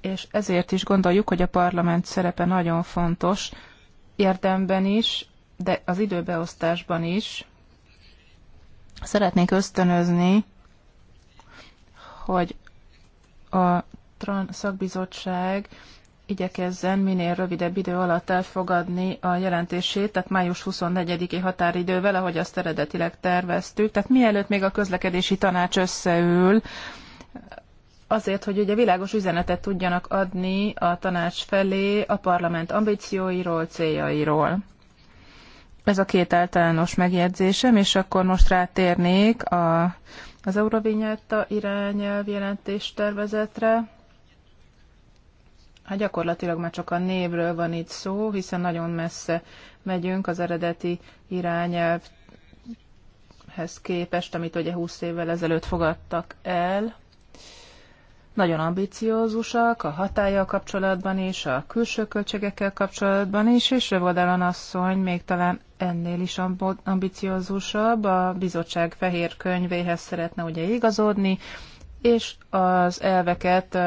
és ezért is gondoljuk, hogy a parlament szerepe nagyon fontos, érdemben is, de az időbeosztásban is. Szeretnék ösztönözni, hogy a TRAN szakbizottság igyekezzen minél rövidebb idő alatt elfogadni a jelentését, tehát május 24-i határidővel, ahogy azt eredetileg terveztük. Tehát mielőtt még a közlekedési tanács összeül, azért, hogy ugye világos üzenetet tudjanak adni a tanács felé a parlament ambícióiról, céljairól. Ez a két általános megjegyzésem, és akkor most rátérnék a, az Eurovinyetta irányelv jelentés tervezetre. Hát gyakorlatilag már csak a névről van itt szó, hiszen nagyon messze megyünk az eredeti irányelvhez képest, amit ugye 20 évvel ezelőtt fogadtak el. Nagyon ambiciózusak a hatája kapcsolatban is, a külső költségekkel kapcsolatban is, és Rövodalan asszony még talán ennél is ambiciózusabb. A bizottság fehér könyvéhez szeretne ugye igazodni, és az elveket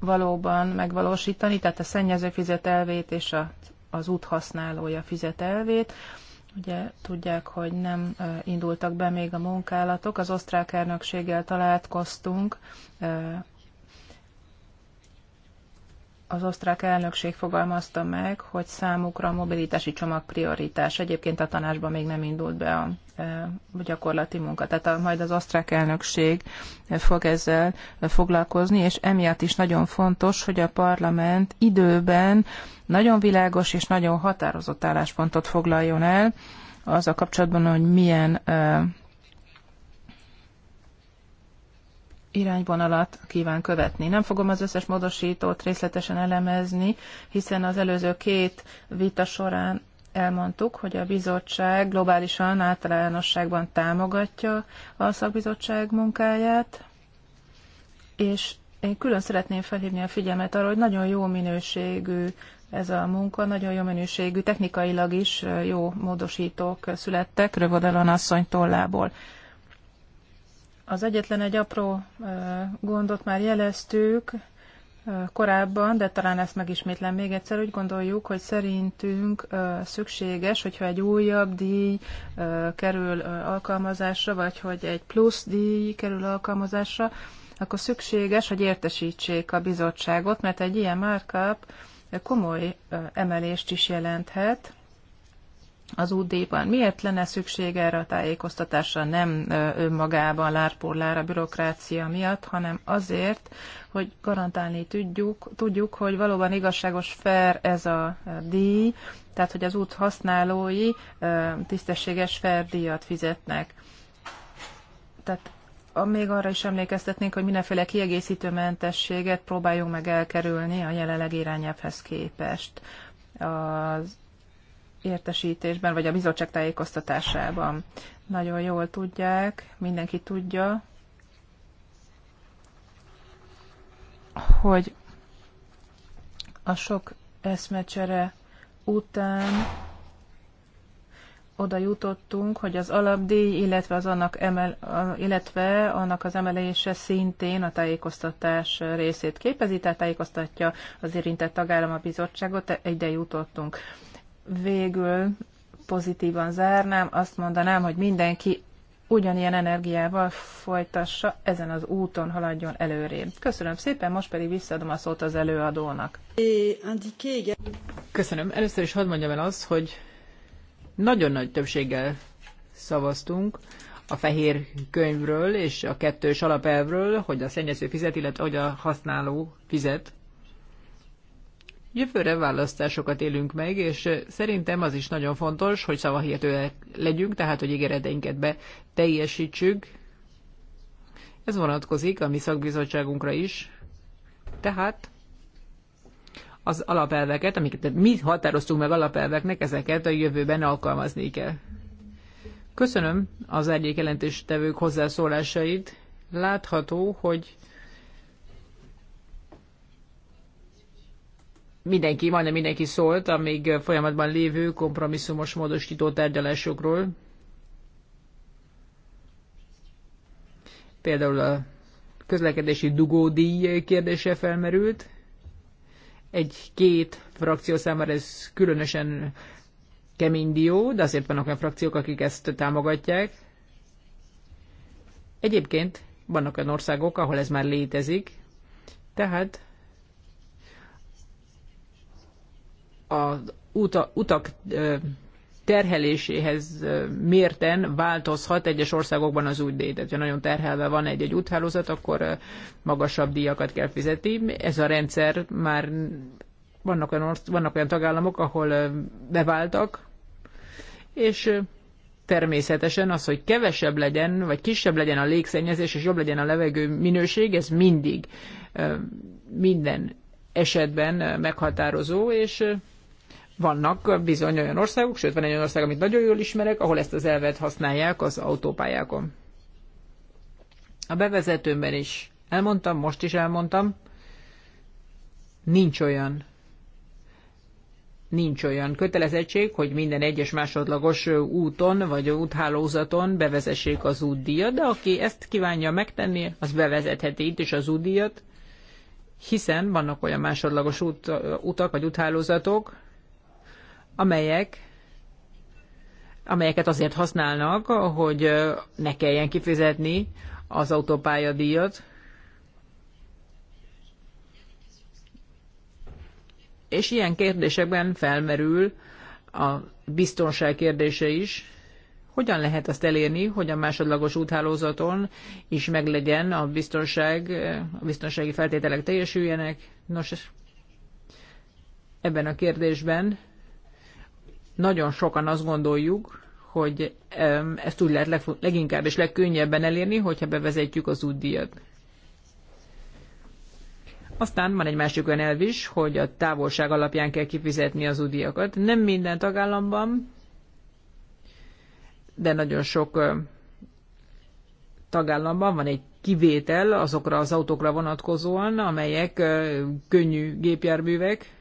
valóban megvalósítani, tehát a szennyező fizet elvét és a, az úthasználója fizet elvét. Ugye tudják, hogy nem indultak be még a munkálatok. Az osztrák elnökséggel találkoztunk az osztrák elnökség fogalmazta meg, hogy számukra a mobilitási csomag prioritás. Egyébként a tanácsban még nem indult be e, a gyakorlati munka. Tehát a, majd az osztrák elnökség fog ezzel foglalkozni, és emiatt is nagyon fontos, hogy a parlament időben nagyon világos és nagyon határozott álláspontot foglaljon el az a kapcsolatban, hogy milyen e, irányvonalat kíván követni. Nem fogom az összes módosítót részletesen elemezni, hiszen az előző két vita során elmondtuk, hogy a bizottság globálisan általánosságban támogatja a szakbizottság munkáját, és én külön szeretném felhívni a figyelmet arra, hogy nagyon jó minőségű ez a munka, nagyon jó minőségű, technikailag is jó módosítók születtek Rövodelon asszony tollából. Az egyetlen egy apró gondot már jeleztük korábban, de talán ezt megismétlem még egyszer. Úgy gondoljuk, hogy szerintünk szükséges, hogyha egy újabb díj kerül alkalmazásra, vagy hogy egy plusz díj kerül alkalmazásra, akkor szükséges, hogy értesítsék a bizottságot, mert egy ilyen markup komoly emelést is jelenthet, az útdíjban. Miért lenne szükség erre a tájékoztatásra nem önmagában lárpórlára bürokrácia miatt, hanem azért, hogy garantálni tudjuk, tudjuk, hogy valóban igazságos, fair ez a díj, tehát hogy az út használói tisztességes, fair díjat fizetnek. Tehát még arra is emlékeztetnénk, hogy mindenféle kiegészítő mentességet próbáljunk meg elkerülni a jelenleg irányelvhez képest. Az értesítésben, vagy a bizottság tájékoztatásában. Nagyon jól tudják, mindenki tudja, hogy a sok eszmecsere után oda jutottunk, hogy az alapdíj, illetve, az annak emel, illetve annak az emelése szintén a tájékoztatás részét képezi, tehát tájékoztatja az érintett tagállam a bizottságot, ide jutottunk végül pozitívan zárnám, azt mondanám, hogy mindenki ugyanilyen energiával folytassa, ezen az úton haladjon előré. Köszönöm szépen, most pedig visszaadom a szót az előadónak. Köszönöm. Először is hadd mondjam el azt, hogy nagyon nagy többséggel szavaztunk a fehér könyvről és a kettős alapelvről, hogy a szennyező fizet, illetve hogy a használó fizet. Jövőre választásokat élünk meg, és szerintem az is nagyon fontos, hogy szavahihetőek legyünk, tehát hogy ígéreteinket be teljesítsük. Ez vonatkozik a mi szakbizottságunkra is. Tehát az alapelveket, amiket mi határoztunk meg alapelveknek, ezeket a jövőben alkalmazni kell. Köszönöm az egyik jelentéstevők hozzászólásait. Látható, hogy mindenki, majdnem mindenki szólt a még folyamatban lévő kompromisszumos módosító tárgyalásokról. Például a közlekedési dugódíj kérdése felmerült. Egy-két frakció számára ez különösen kemény dió, de azért vannak olyan frakciók, akik ezt támogatják. Egyébként vannak olyan országok, ahol ez már létezik, tehát az uta, utak terheléséhez mérten változhat egyes országokban az úgy Tehát, ha nagyon terhelve van egy-egy úthálózat, akkor magasabb díjakat kell fizetni. Ez a rendszer már vannak olyan, vannak olyan tagállamok, ahol beváltak, és természetesen az, hogy kevesebb legyen, vagy kisebb legyen a légszennyezés, és jobb legyen a levegő minőség, ez mindig minden esetben meghatározó, és vannak bizony olyan országok, sőt van egy olyan ország, amit nagyon jól ismerek, ahol ezt az elvet használják az autópályákon. A bevezetőmben is elmondtam, most is elmondtam, nincs olyan nincs olyan kötelezettség, hogy minden egyes másodlagos úton vagy úthálózaton bevezessék az útdíjat, de aki ezt kívánja megtenni, az bevezetheti itt is az útdíjat, hiszen vannak olyan másodlagos út, utak vagy úthálózatok, amelyek amelyeket azért használnak, hogy ne kelljen kifizetni az autópályadíjat. És ilyen kérdésekben felmerül a biztonság kérdése is. Hogyan lehet azt elérni, hogy a másodlagos úthálózaton is meglegyen a biztonság, a biztonsági feltételek teljesüljenek? Nos, ebben a kérdésben nagyon sokan azt gondoljuk, hogy ezt úgy lehet leginkább és legkönnyebben elérni, hogyha bevezetjük az útdíjat. Aztán van egy másik olyan elv is, hogy a távolság alapján kell kifizetni az útdíjakat. Nem minden tagállamban, de nagyon sok tagállamban van egy kivétel azokra az autókra vonatkozóan, amelyek könnyű gépjárművek,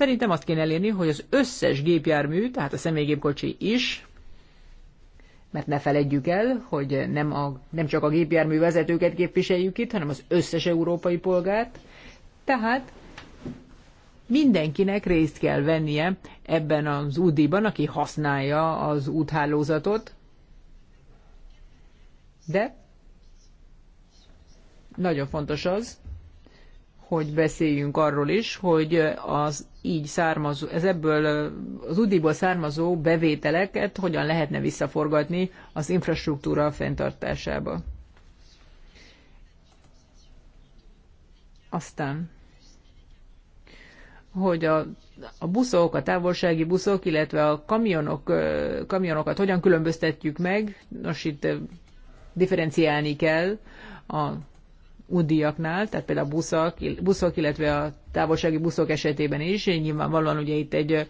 Szerintem azt kéne elérni, hogy az összes gépjármű, tehát a személygépkocsi is, mert ne feledjük el, hogy nem, a, nem csak a gépjármű vezetőket képviseljük itt, hanem az összes európai polgárt, tehát mindenkinek részt kell vennie ebben az útiban, aki használja az úthálózatot, de nagyon fontos az, hogy beszéljünk arról is, hogy az így származó, ez ebből az UDI-ból származó bevételeket hogyan lehetne visszaforgatni az infrastruktúra fenntartásába. Aztán, hogy a, a buszok, a távolsági buszok, illetve a kamionok, kamionokat hogyan különböztetjük meg, nos itt differenciálni kell a útdíjaknál, tehát például a buszok, buszok, illetve a távolsági buszok esetében is, nyilvánvalóan ugye itt egy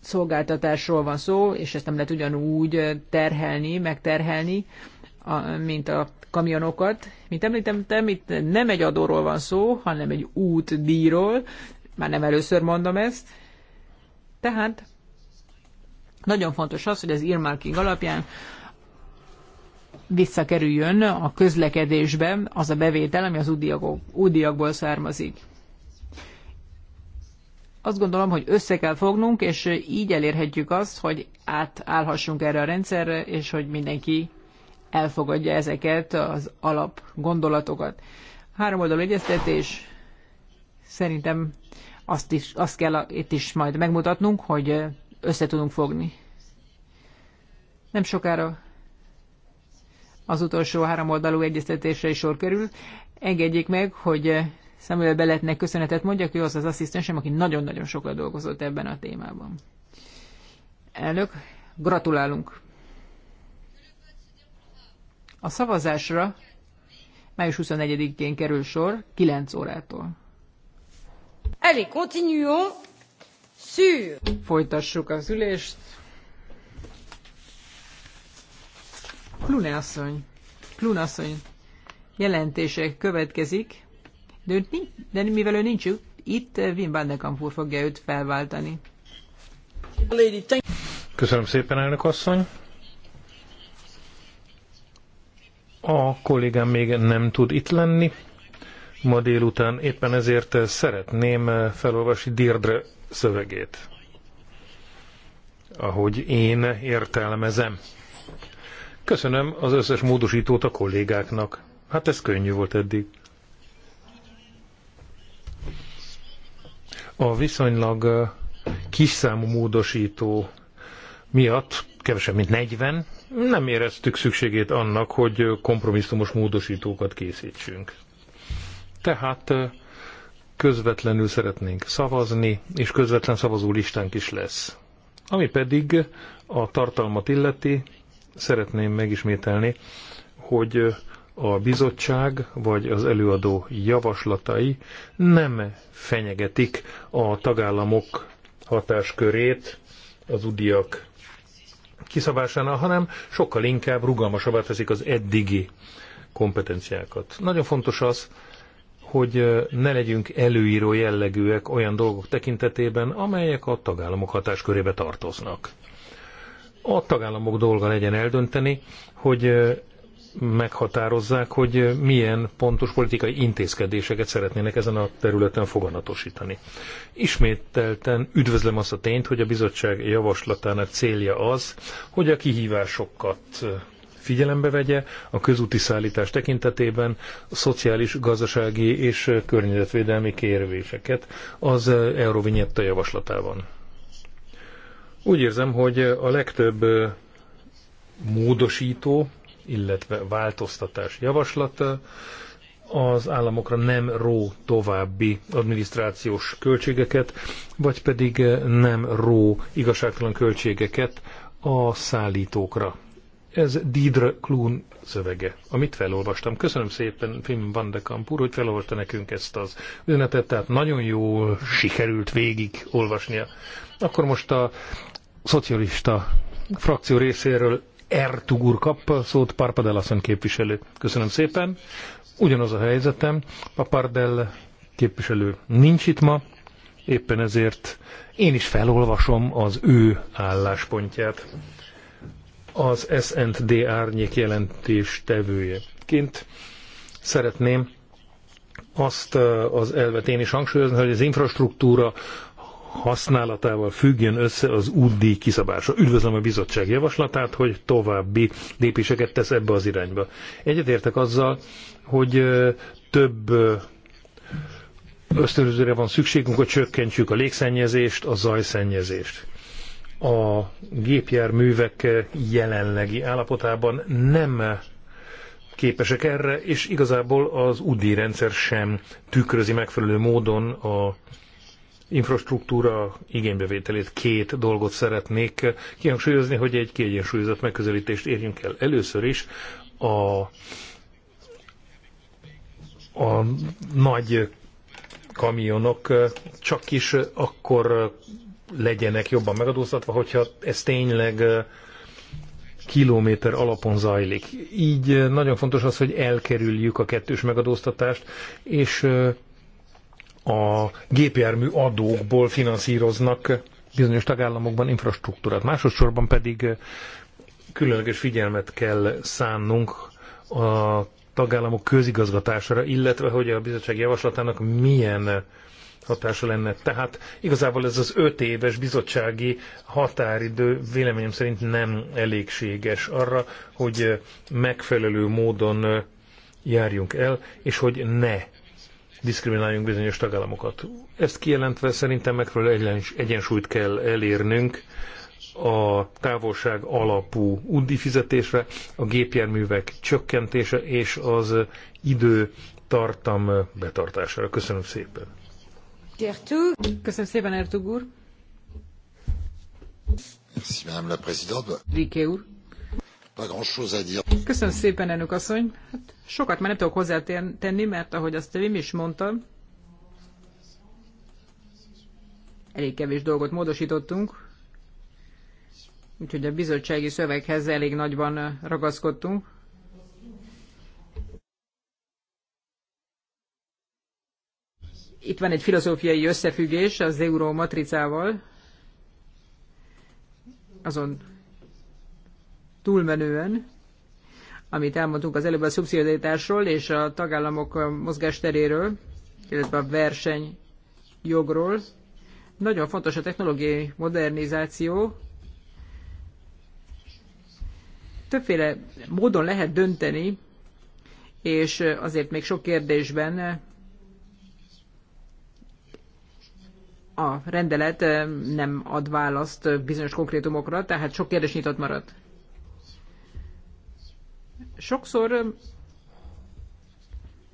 szolgáltatásról van szó, és ezt nem lehet ugyanúgy terhelni, megterhelni, a, mint a kamionokat. Mint említettem, itt nem egy adóról van szó, hanem egy útdíjról. Már nem először mondom ezt. Tehát nagyon fontos az, hogy az earmarking alapján visszakerüljön a közlekedésbe az a bevétel, ami az údiakból származik. Azt gondolom, hogy össze kell fognunk, és így elérhetjük azt, hogy átállhassunk erre a rendszerre, és hogy mindenki elfogadja ezeket az alap gondolatokat. Három oldalú egyeztetés szerintem azt, is, azt kell itt is majd megmutatnunk, hogy össze tudunk fogni. Nem sokára az utolsó három oldalú egyeztetésre is sor kerül. Engedjék meg, hogy Samuel Beletnek köszönetet mondjak, ő az az asszisztensem, aki nagyon-nagyon sokat dolgozott ebben a témában. Elnök, gratulálunk! A szavazásra május 24-én kerül sor, 9 órától. Allez, continuons sur... Folytassuk az ülést. Klune asszony, Klune asszony jelentése következik, de, őt de mivel ő nincs itt, eh, Wim van de Kampur fogja őt felváltani. Köszönöm szépen, elnök asszony. A kollégám még nem tud itt lenni ma délután, éppen ezért eh, szeretném eh, felolvasni Dirdre szövegét, ahogy én értelmezem. Köszönöm az összes módosítót a kollégáknak. Hát ez könnyű volt eddig. A viszonylag kis számú módosító miatt, kevesebb mint 40, nem éreztük szükségét annak, hogy kompromisszumos módosítókat készítsünk. Tehát közvetlenül szeretnénk szavazni, és közvetlen szavazó listánk is lesz. Ami pedig a tartalmat illeti, szeretném megismételni, hogy a bizottság vagy az előadó javaslatai nem fenyegetik a tagállamok hatáskörét az udiak kiszabásánál, hanem sokkal inkább rugalmasabbá teszik az eddigi kompetenciákat. Nagyon fontos az, hogy ne legyünk előíró jellegűek olyan dolgok tekintetében, amelyek a tagállamok hatáskörébe tartoznak a tagállamok dolga legyen eldönteni, hogy meghatározzák, hogy milyen pontos politikai intézkedéseket szeretnének ezen a területen foganatosítani. Ismételten üdvözlöm azt a tényt, hogy a bizottság javaslatának célja az, hogy a kihívásokat figyelembe vegye a közúti szállítás tekintetében a szociális, gazdasági és környezetvédelmi kérvéseket az Eurovinyetta javaslatában. Úgy érzem, hogy a legtöbb módosító, illetve változtatás javaslat az államokra nem ró további adminisztrációs költségeket, vagy pedig nem ró igazságtalan költségeket a szállítókra. Ez Didre Klun szövege, amit felolvastam. Köszönöm szépen Fim van de Kamp úr, hogy felolvasta nekünk ezt az üzenetet, tehát nagyon jól sikerült végig olvasnia. Akkor most a szocialista frakció részéről Ertug úr kap szót, Parpadel asszony képviselő. Köszönöm szépen. Ugyanaz a helyzetem. A Pardell képviselő nincs itt ma, éppen ezért én is felolvasom az ő álláspontját. Az SNTD árnyék jelentés tevőjeként szeretném azt az elvet én is hangsúlyozni, hogy az infrastruktúra, használatával függjön össze az útdíj kiszabása. Üdvözlöm a bizottság javaslatát, hogy további lépéseket tesz ebbe az irányba. Egyetértek azzal, hogy több ösztönzőre van szükségünk, hogy csökkentsük a légszennyezést, a zajszennyezést. A gépjárművek jelenlegi állapotában nem képesek erre, és igazából az UDI rendszer sem tükrözi megfelelő módon a infrastruktúra igénybevételét két dolgot szeretnék kihangsúlyozni, hogy egy kiegyensúlyozott megközelítést érjünk el. Először is a, a nagy kamionok csak is akkor legyenek jobban megadóztatva, hogyha ez tényleg kilométer alapon zajlik. Így nagyon fontos az, hogy elkerüljük a kettős megadóztatást, és a gépjármű adókból finanszíroznak bizonyos tagállamokban infrastruktúrát. Másodszorban pedig különleges figyelmet kell szánnunk a tagállamok közigazgatására, illetve hogy a bizottság javaslatának milyen hatása lenne. Tehát igazából ez az öt éves bizottsági határidő véleményem szerint nem elégséges arra, hogy megfelelő módon járjunk el, és hogy ne diszkrimináljunk bizonyos tagállamokat. Ezt kijelentve szerintem megfelelő egyensúlyt kell elérnünk a távolság alapú undi fizetésre, a gépjárművek csökkentése és az idő tartam betartására. Köszönöm szépen. Köszönöm szépen, Ertug úr. Merci, Madame la Présidente. Riké úr. Köszönöm szépen, elnök asszony. Hát sokat már nem tudok hozzátenni, mert ahogy azt én is mondtam, elég kevés dolgot módosítottunk, úgyhogy a bizottsági szöveghez elég nagyban ragaszkodtunk. Itt van egy filozófiai összefüggés az euró matricával, azon túlmenően, amit elmondtunk az előbb a szubszidiaritásról és a tagállamok mozgásteréről, illetve a verseny jogról. Nagyon fontos a technológiai modernizáció. Többféle módon lehet dönteni, és azért még sok kérdésben a rendelet nem ad választ bizonyos konkrétumokra, tehát sok kérdés nyitott maradt sokszor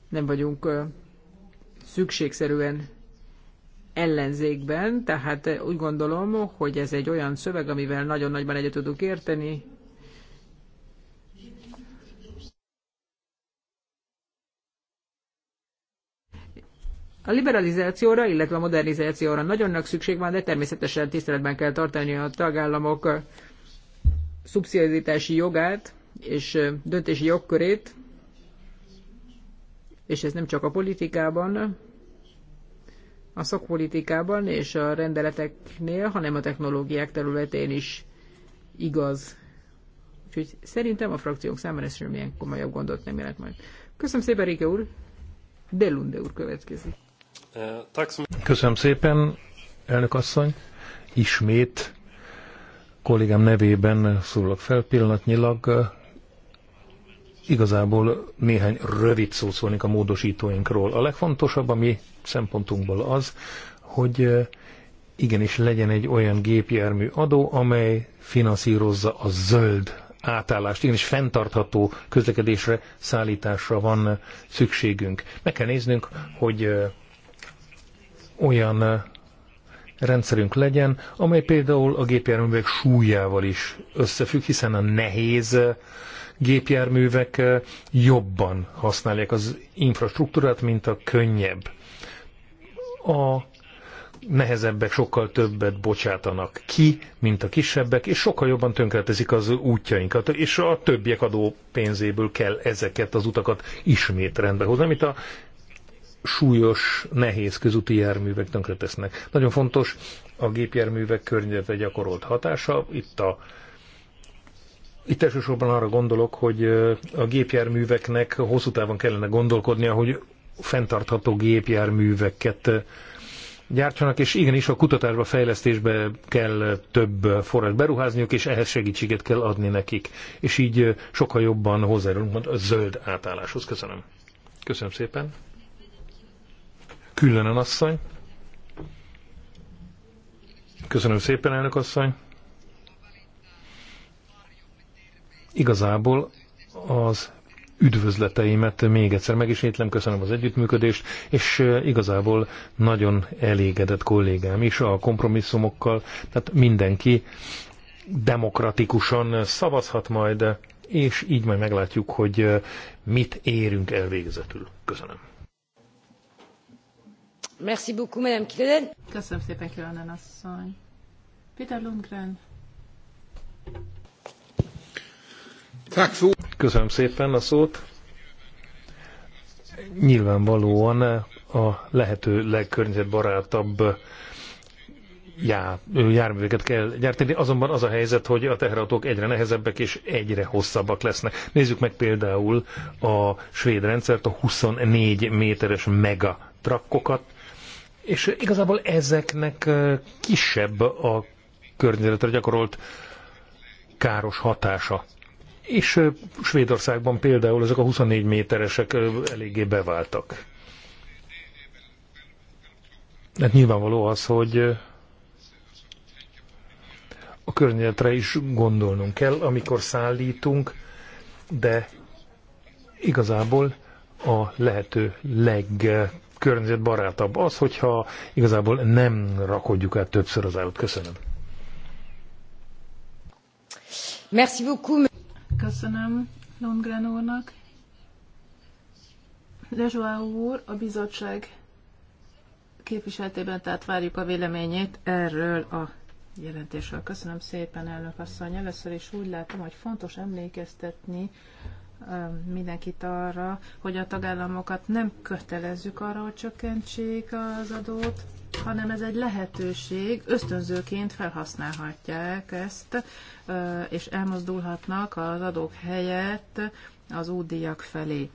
nem vagyunk szükségszerűen ellenzékben, tehát úgy gondolom, hogy ez egy olyan szöveg, amivel nagyon nagyban egyet tudunk érteni. A liberalizációra, illetve a modernizációra nagyon nagy szükség van, de természetesen tiszteletben kell tartani a tagállamok szubszidizitási jogát, és döntési jogkörét, és ez nem csak a politikában, a szakpolitikában és a rendeleteknél, hanem a technológiák területén is igaz. Úgyhogy szerintem a frakciók számára ez semmilyen komolyabb gondot nem jelent majd. Köszönöm szépen, Rike úr! Delunde úr következik. Köszönöm szépen, elnök asszony. Ismét kollégám nevében szólok fel pillanatnyilag. Igazából néhány rövid szót szólnék a módosítóinkról. A legfontosabb a mi szempontunkból az, hogy eh, igenis legyen egy olyan gépjármű adó, amely finanszírozza a zöld átállást, igenis fenntartható közlekedésre, szállításra van eh, szükségünk. Meg kell néznünk, hogy eh, olyan rendszerünk legyen, amely például a gépjárművek súlyával is összefügg, hiszen a nehéz gépjárművek jobban használják az infrastruktúrát, mint a könnyebb. A nehezebbek sokkal többet bocsátanak ki, mint a kisebbek, és sokkal jobban tönkretezik az útjainkat, és a többiek adó pénzéből kell ezeket az utakat ismét rendbe hozni, amit a súlyos, nehéz közúti járművek tönkretesznek. Nagyon fontos a gépjárművek környezetre gyakorolt hatása, itt a itt elsősorban arra gondolok, hogy a gépjárműveknek hosszú távon kellene gondolkodnia, hogy fenntartható gépjárműveket gyártsanak, és igenis a kutatásba, fejlesztésbe kell több forrás beruházniuk, és ehhez segítséget kell adni nekik. És így sokkal jobban hozzájárulunk a zöld átálláshoz. Köszönöm. Köszönöm szépen. Küllenen asszony. Köszönöm szépen, elnök asszony. Igazából az üdvözleteimet még egyszer megismétlem, köszönöm az együttműködést, és igazából nagyon elégedett kollégám is a kompromisszumokkal, tehát mindenki demokratikusan szavazhat majd, és így majd meglátjuk, hogy mit érünk el végezetül. Köszönöm. Merci beaucoup, Madame Kilden. Köszönöm szépen, Kilden asszony. Peter Lundgren. Köszönöm szépen a szót. Nyilvánvalóan a lehető legkörnyezetbarátabb já, járműveket kell gyártani, azonban az a helyzet, hogy a teherautók egyre nehezebbek és egyre hosszabbak lesznek. Nézzük meg például a svéd rendszert, a 24 méteres mega trakkokat, és igazából ezeknek kisebb a környezetre gyakorolt káros hatása és Svédországban például ezek a 24 méteresek eléggé beváltak. Hát nyilvánvaló az, hogy a környezetre is gondolnunk kell, amikor szállítunk, de igazából a lehető legkörnyezetbarátabb az, hogyha igazából nem rakodjuk át többször az állat. Köszönöm. Merci beaucoup. Köszönöm Lundgren úrnak. Lezsóá úr, a bizottság képviseletében tehát várjuk a véleményét erről a jelentésről. Köszönöm szépen, elnök asszony. Először is úgy látom, hogy fontos emlékeztetni mindenkit arra, hogy a tagállamokat nem kötelezzük arra, hogy csökkentsék az adót, hanem ez egy lehetőség, ösztönzőként felhasználhatják ezt, és elmozdulhatnak az adók helyett az útdíjak felé.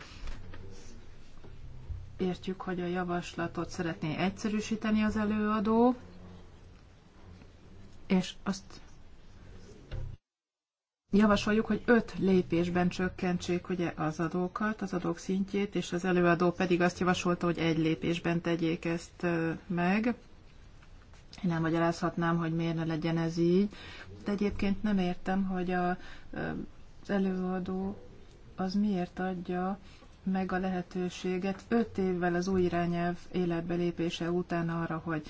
Értjük, hogy a javaslatot szeretné egyszerűsíteni az előadó, és azt javasoljuk, hogy öt lépésben csökkentsék ugye az adókat, az adók szintjét, és az előadó pedig azt javasolta, hogy egy lépésben tegyék ezt meg. Én nem magyarázhatnám, hogy miért ne legyen ez így. De egyébként nem értem, hogy a, az előadó az miért adja meg a lehetőséget öt évvel az új irányelv életbe lépése után arra, hogy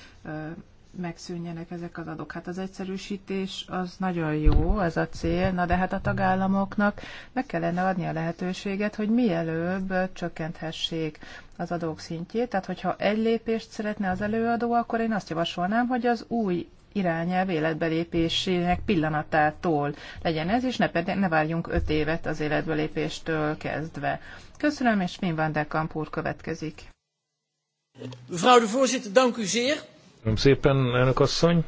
megszűnjenek ezek az adók. Hát az egyszerűsítés az nagyon jó, ez a cél, na de hát a tagállamoknak meg kellene adni a lehetőséget, hogy mielőbb csökkenthessék az adók szintjét. Tehát, hogyha egy lépést szeretne az előadó, akkor én azt javasolnám, hogy az új irányelv életbelépésének pillanatától legyen ez, és ne, ne várjunk öt évet az életbelépéstől kezdve. Köszönöm, és Mim van de Kampúr következik. Mevrouw de voorzitter, dank u zeer. Köszönöm szépen, elnök asszony.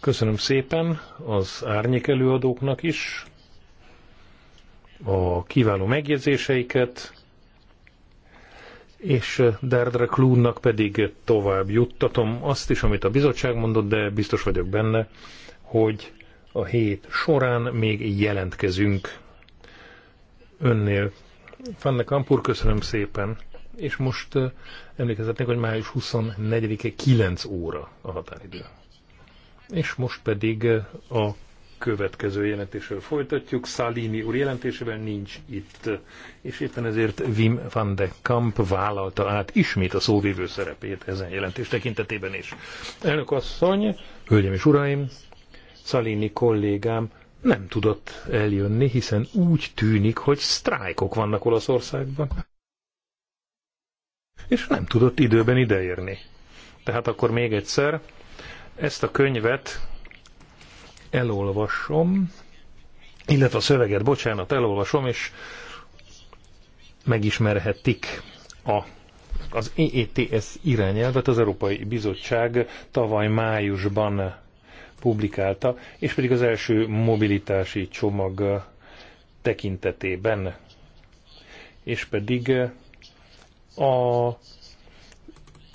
Köszönöm szépen az árnyék előadóknak is a kiváló megjegyzéseiket, és Derdre Klúnnak pedig tovább juttatom azt is, amit a bizottság mondott, de biztos vagyok benne, hogy a hét során még jelentkezünk önnél. Fanne Kampur, köszönöm szépen. És most emlékezhetnék, hogy május 24-e 9 óra a határidő. És most pedig a következő jelentésről folytatjuk. Szalini úr jelentésével nincs itt, és éppen ezért Wim van de Kamp vállalta át ismét a szóvívő szerepét ezen jelentés tekintetében is. Elnök asszony, hölgyeim és uraim, Szalini kollégám nem tudott eljönni, hiszen úgy tűnik, hogy sztrájkok vannak Olaszországban. És nem tudott időben ideérni. Tehát akkor még egyszer ezt a könyvet elolvasom, illetve a szöveget, bocsánat, elolvasom, és megismerhetik a, az EETS irányelvet. Az Európai Bizottság tavaly májusban publikálta, és pedig az első mobilitási csomag tekintetében, és pedig a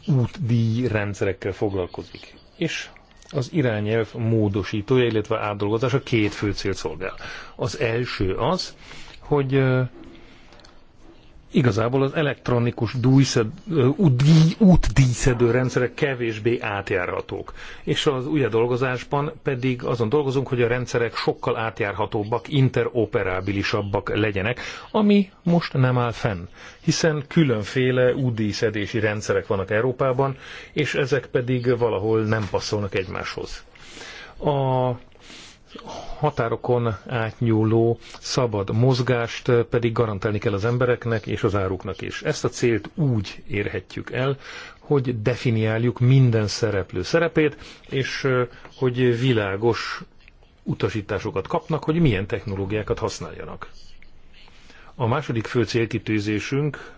útdíj rendszerekkel foglalkozik. És az irányelv módosítója, illetve átdolgozása két fő célt szolgál. Az első az, hogy igazából az elektronikus dújszed, rendszerek kevésbé átjárhatók. És az újradolgozásban pedig azon dolgozunk, hogy a rendszerek sokkal átjárhatóbbak, interoperábilisabbak legyenek, ami most nem áll fenn. Hiszen különféle útdíjszedési rendszerek vannak Európában, és ezek pedig valahol nem passzolnak egymáshoz. A határokon átnyúló szabad mozgást pedig garantálni kell az embereknek és az áruknak is. Ezt a célt úgy érhetjük el, hogy definiáljuk minden szereplő szerepét, és hogy világos utasításokat kapnak, hogy milyen technológiákat használjanak. A második fő célkitűzésünk,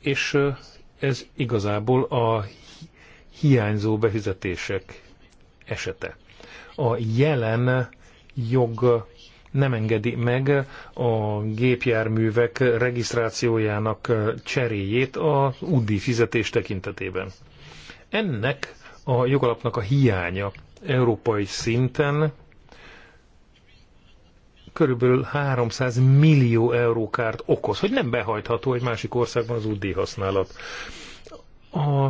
és ez igazából a hiányzó befizetések esete a jelen jog nem engedi meg a gépjárművek regisztrációjának cseréjét a UDI fizetés tekintetében. Ennek a jogalapnak a hiánya európai szinten körülbelül 300 millió eurókárt okoz, hogy nem behajtható egy másik országban az UDI használat. A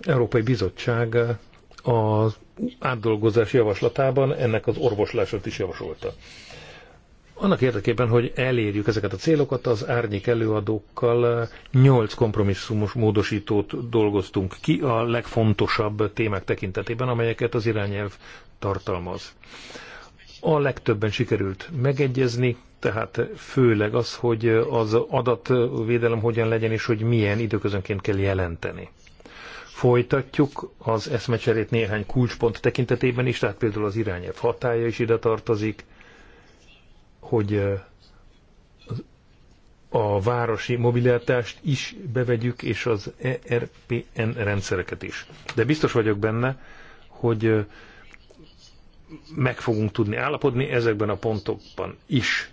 Európai Bizottság az átdolgozás javaslatában ennek az orvoslását is javasolta. Annak érdekében, hogy elérjük ezeket a célokat, az árnyék előadókkal eh, nyolc kompromisszumos módosítót dolgoztunk ki a legfontosabb témák tekintetében, amelyeket az irányelv tartalmaz. A legtöbben sikerült megegyezni, tehát főleg az, hogy az adatvédelem hogyan legyen, és hogy milyen időközönként kell jelenteni folytatjuk az eszmecserét néhány kulcspont tekintetében is, tehát például az irányelv hatája is ide tartozik, hogy a városi mobiliátást is bevegyük, és az ERPN rendszereket is. De biztos vagyok benne, hogy meg fogunk tudni állapodni ezekben a pontokban is.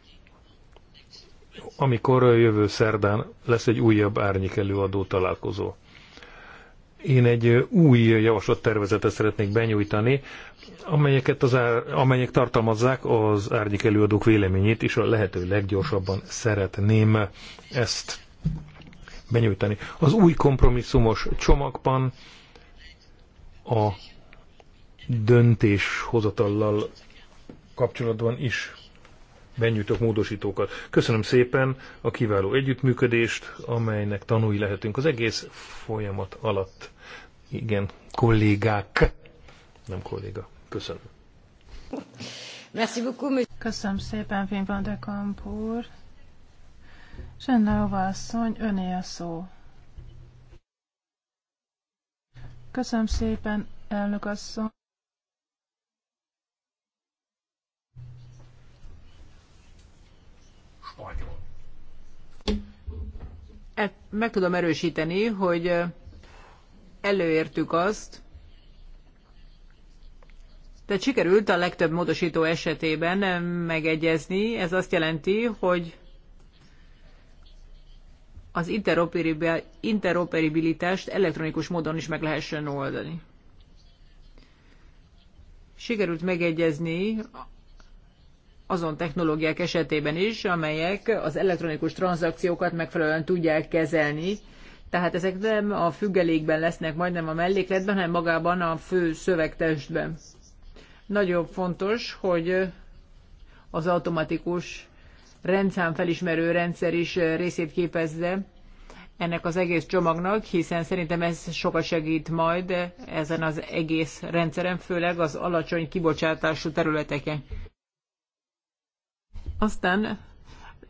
Amikor jövő szerdán lesz egy újabb árnyék előadó találkozó én egy új javaslattervezetet szeretnék benyújtani, amelyeket az ár, amelyek tartalmazzák az árnyék előadók véleményét, és a lehető leggyorsabban szeretném ezt benyújtani. Az új kompromisszumos csomagban a döntéshozatallal kapcsolatban is benyújtok módosítókat. Köszönöm szépen a kiváló együttműködést, amelynek tanúi lehetünk az egész folyamat alatt. Igen, kollégák, nem kolléga. Köszönöm. Merci beaucoup, Köszönöm szépen, Fény van de Kampur. Zsendelova asszony, öné a szó. Köszönöm szépen, elnök asszony. spanyol. Meg tudom erősíteni, hogy előértük azt, tehát sikerült a legtöbb módosító esetében megegyezni. Ez azt jelenti, hogy az interoperibilitást elektronikus módon is meg lehessen oldani. Sikerült megegyezni azon technológiák esetében is, amelyek az elektronikus tranzakciókat megfelelően tudják kezelni. Tehát ezek nem a függelékben lesznek, majdnem a mellékletben, hanem magában a fő szövegtestben. Nagyon fontos, hogy az automatikus felismerő rendszer is részét képezze ennek az egész csomagnak, hiszen szerintem ez sokat segít majd ezen az egész rendszeren, főleg az alacsony kibocsátású területeken. Aztán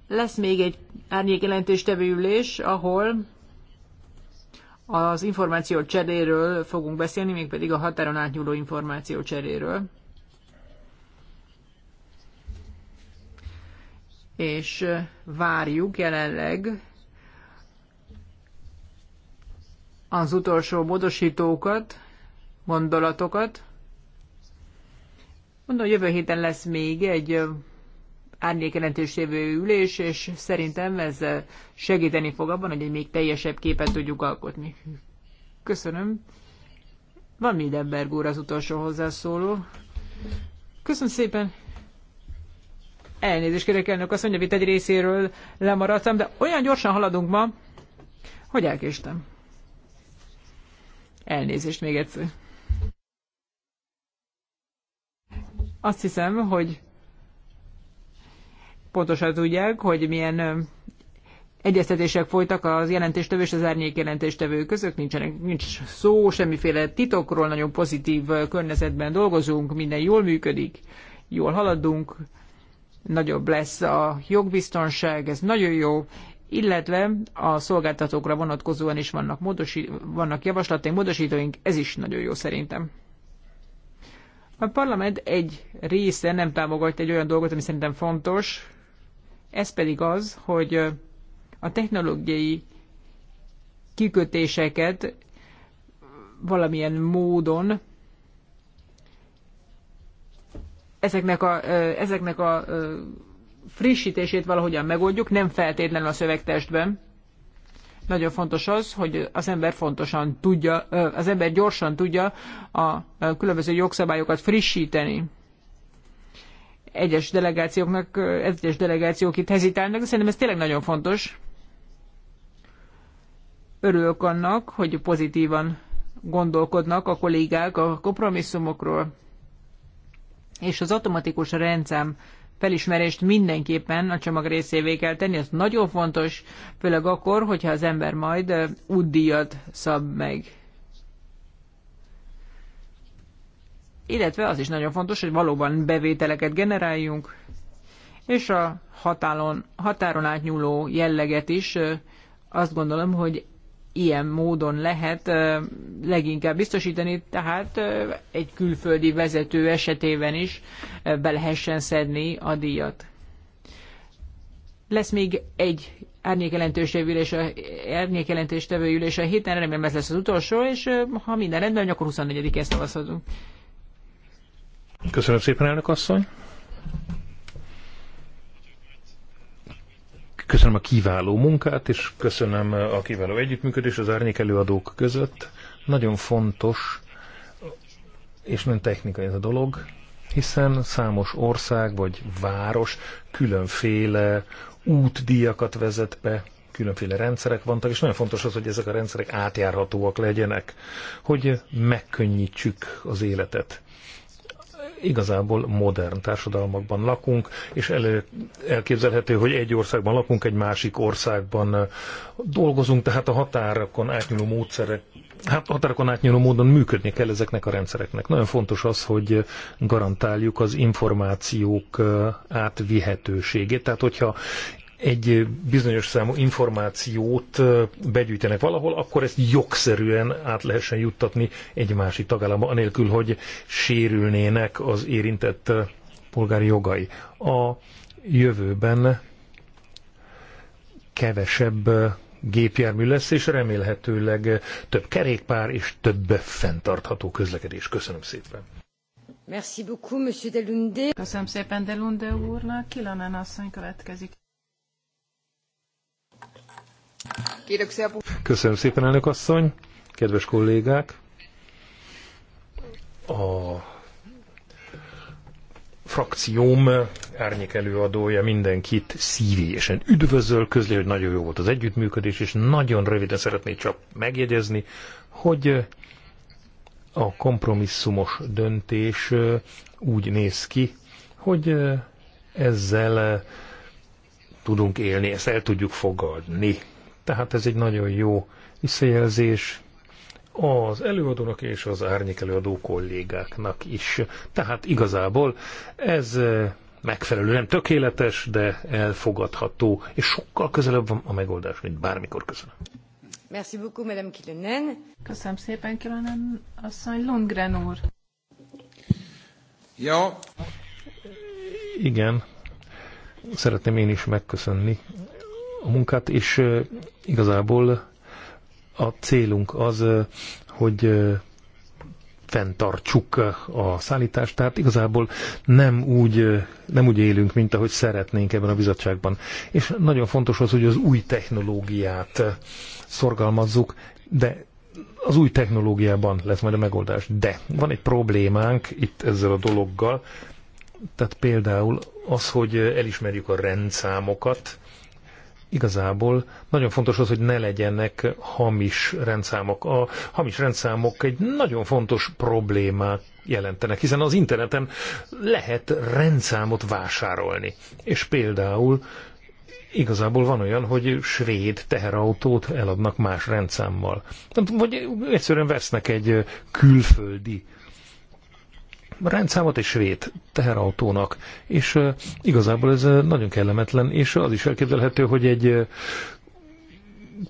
lesz még egy árnyékjelentéstevő ülés, ahol az információ cseréről fogunk beszélni, mégpedig a határon átnyúló információ cseréről. És várjuk jelenleg az utolsó módosítókat, gondolatokat. Mondom, jövő héten lesz még egy árnyékjelentősévő ülés, és szerintem ez segíteni fog abban, hogy egy még teljesebb képet tudjuk alkotni. Köszönöm. Van Mildenberg úr az utolsó hozzászóló. Köszönöm szépen. Elnézést kérek elnök, azt mondja, hogy egy részéről lemaradtam, de olyan gyorsan haladunk ma, hogy elkéstem. Elnézést még egyszer. Azt hiszem, hogy pontosan tudják, hogy milyen egyeztetések folytak az jelentéstevő és az árnyék jelentéstevő között, nincsenek, nincs szó, semmiféle titokról, nagyon pozitív környezetben dolgozunk, minden jól működik, jól haladunk, nagyobb lesz a jogbiztonság, ez nagyon jó, illetve a szolgáltatókra vonatkozóan is vannak, módosi, vannak javaslataink, módosítóink, ez is nagyon jó szerintem. A parlament egy része nem támogatja egy olyan dolgot, ami szerintem fontos, ez pedig az, hogy a technológiai kikötéseket valamilyen módon ezeknek a, ezeknek a frissítését valahogyan megoldjuk, nem feltétlenül a szövegtestben. Nagyon fontos az, hogy az ember fontosan tudja, az ember gyorsan tudja a különböző jogszabályokat frissíteni egyes delegációknak, egyes delegációk itt hezitálnak, de szerintem ez tényleg nagyon fontos. Örülök annak, hogy pozitívan gondolkodnak a kollégák a kompromisszumokról, és az automatikus rendszám felismerést mindenképpen a csomag részévé kell tenni, ez nagyon fontos, főleg akkor, hogyha az ember majd útdíjat szab meg. illetve az is nagyon fontos, hogy valóban bevételeket generáljunk, és a határon, határon átnyúló jelleget is azt gondolom, hogy ilyen módon lehet leginkább biztosítani, tehát egy külföldi vezető esetében is be lehessen szedni a díjat. Lesz még egy árnyékjelentéstevő ülés a héten, remélem ez lesz az utolsó, és ha minden rendben, akkor 24-én szavazhatunk. Köszönöm szépen, elnök asszony. Köszönöm a kiváló munkát, és köszönöm a kiváló együttműködést az árnyék előadók között. Nagyon fontos, és nem technikai ez a dolog, hiszen számos ország vagy város különféle útdíjakat vezet be, különféle rendszerek vannak, és nagyon fontos az, hogy ezek a rendszerek átjárhatóak legyenek, hogy megkönnyítsük az életet igazából modern társadalmakban lakunk, és elő, elképzelhető, hogy egy országban lakunk, egy másik országban dolgozunk, tehát a határokon átnyúló módszerek Hát határokon átnyúló módon működni kell ezeknek a rendszereknek. Nagyon fontos az, hogy garantáljuk az információk átvihetőségét. Tehát, hogyha egy bizonyos számú információt begyűjtenek valahol, akkor ezt jogszerűen át lehessen juttatni egy másik tagállamba, anélkül, hogy sérülnének az érintett polgári jogai. A jövőben kevesebb gépjármű lesz, és remélhetőleg több kerékpár és több fenntartható közlekedés. Köszönöm szépen! Merci beaucoup, Monsieur Delunde. Köszönöm szépen Delunde úrnak. Kilanen asszony következik. Köszönöm szépen, elnök asszony, kedves kollégák. A frakcióm árnyék előadója mindenkit szívélyesen üdvözöl, közli, hogy nagyon jó volt az együttműködés, és nagyon röviden szeretné csak megjegyezni, hogy a kompromisszumos döntés úgy néz ki, hogy ezzel tudunk élni, ezt el tudjuk fogadni. Tehát ez egy nagyon jó visszajelzés az előadónak és az árnyék előadó kollégáknak is. Tehát igazából ez eh, megfelelő, nem tökéletes, de elfogadható, és sokkal közelebb van a megoldás, mint bármikor. Köszönöm. Merci beaucoup, Madame Kilonen. Köszönöm szépen, Kilonen asszony. Lundgren úr. Ja. Igen. Szeretném én is megköszönni a munkát, és igazából a célunk az, hogy fenntartsuk a szállítást, tehát igazából nem úgy, nem úgy élünk, mint ahogy szeretnénk ebben a bizottságban. És nagyon fontos az, hogy az új technológiát szorgalmazzuk, de az új technológiában lesz majd a megoldás. De van egy problémánk itt ezzel a dologgal, tehát például az, hogy elismerjük a rendszámokat, igazából nagyon fontos az, hogy ne legyenek hamis rendszámok. A hamis rendszámok egy nagyon fontos problémát jelentenek, hiszen az interneten lehet rendszámot vásárolni. És például igazából van olyan, hogy svéd teherautót eladnak más rendszámmal. Vagy egyszerűen vesznek egy külföldi rendszámot egy svéd teherautónak, és igazából ez nagyon kellemetlen, és az is elképzelhető, hogy egy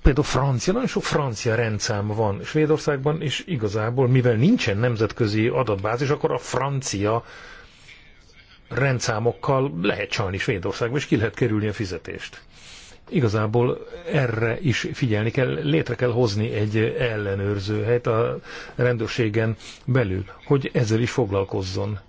például francia, nagyon sok francia rendszám van Svédországban, és igazából, mivel nincsen nemzetközi adatbázis, akkor a francia rendszámokkal lehet csalni Svédországban, és ki lehet kerülni a fizetést igazából erre is figyelni kell, létre kell hozni egy ellenőrző helyt a rendőrségen belül, hogy ezzel is foglalkozzon.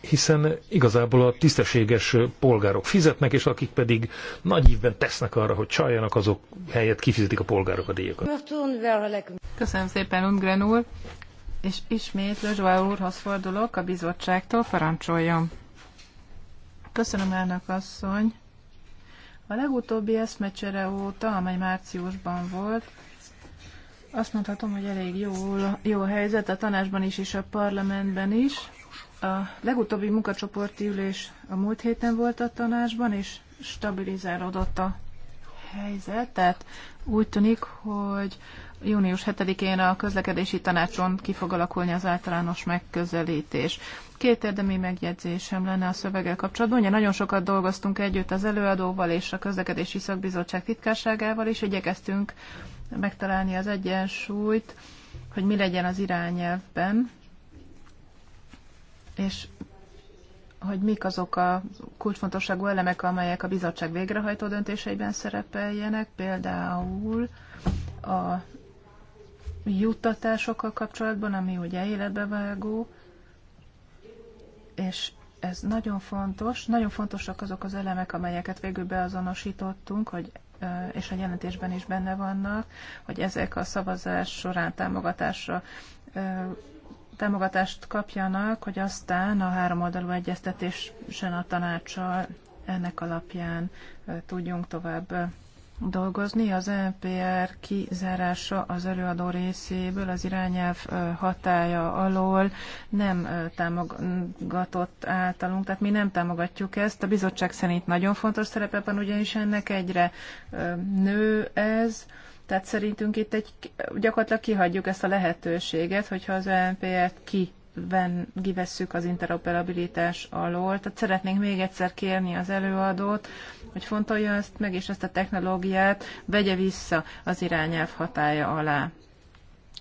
Hiszen igazából a tisztességes polgárok fizetnek, és akik pedig nagy ívben tesznek arra, hogy csaljanak, azok helyett kifizetik a polgárok a díjakat. Köszönöm szépen, Undgren úr, és ismét Lozsvá úrhoz fordulok a bizottságtól, parancsoljon. Köszönöm, elnök asszony. A legutóbbi eszmecsere óta, amely márciusban volt, azt mondhatom, hogy elég jó, jó helyzet a tanácsban is és a parlamentben is. A legutóbbi munkacsoporti ülés a múlt héten volt a tanácsban, és stabilizálódott a helyzet, tehát úgy tűnik, hogy június 7-én a közlekedési tanácson ki fog alakulni az általános megközelítés. Két érdemi megjegyzésem lenne a szöveggel kapcsolatban. Ugye nagyon sokat dolgoztunk együtt az előadóval és a közlekedési szakbizottság titkárságával, is, igyekeztünk megtalálni az egyensúlyt, hogy mi legyen az irányelvben, és hogy mik azok a kulcsfontosságú elemek, amelyek a bizottság végrehajtó döntéseiben szerepeljenek, például a juttatásokkal kapcsolatban, ami ugye életbevágó, és ez nagyon fontos. Nagyon fontosak azok az elemek, amelyeket végül beazonosítottunk, hogy és a jelentésben is benne vannak, hogy ezek a szavazás során támogatásra támogatást kapjanak, hogy aztán a három oldalú egyeztetésen a tanácssal ennek alapján tudjunk tovább dolgozni. Az NPR e kizárása az előadó részéből az irányelv hatája alól nem támogatott általunk, tehát mi nem támogatjuk ezt. A bizottság szerint nagyon fontos szerepe van, ugyanis ennek egyre nő ez, tehát szerintünk itt egy, gyakorlatilag kihagyjuk ezt a lehetőséget, hogyha az npr e t ki kivesszük az interoperabilitás alól. Tehát szeretnénk még egyszer kérni az előadót, hogy fontolja ezt meg, és ezt a technológiát vegye vissza az irányelv hatája alá.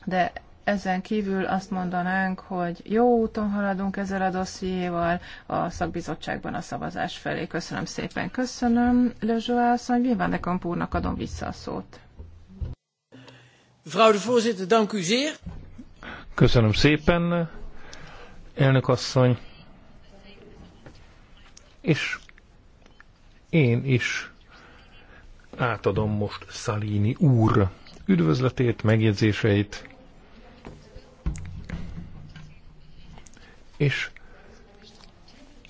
De ezen kívül azt mondanánk, hogy jó úton haladunk ezzel a dossziéval a szakbizottságban a szavazás felé. Köszönöm szépen. Köszönöm, Le asszony. Nyilván de Kampúrnak adom vissza a szót. Mevrouw de voorzitter, dank u zeer. Köszönöm szépen elnök asszony, és én is átadom most Szalini úr üdvözletét, megjegyzéseit, és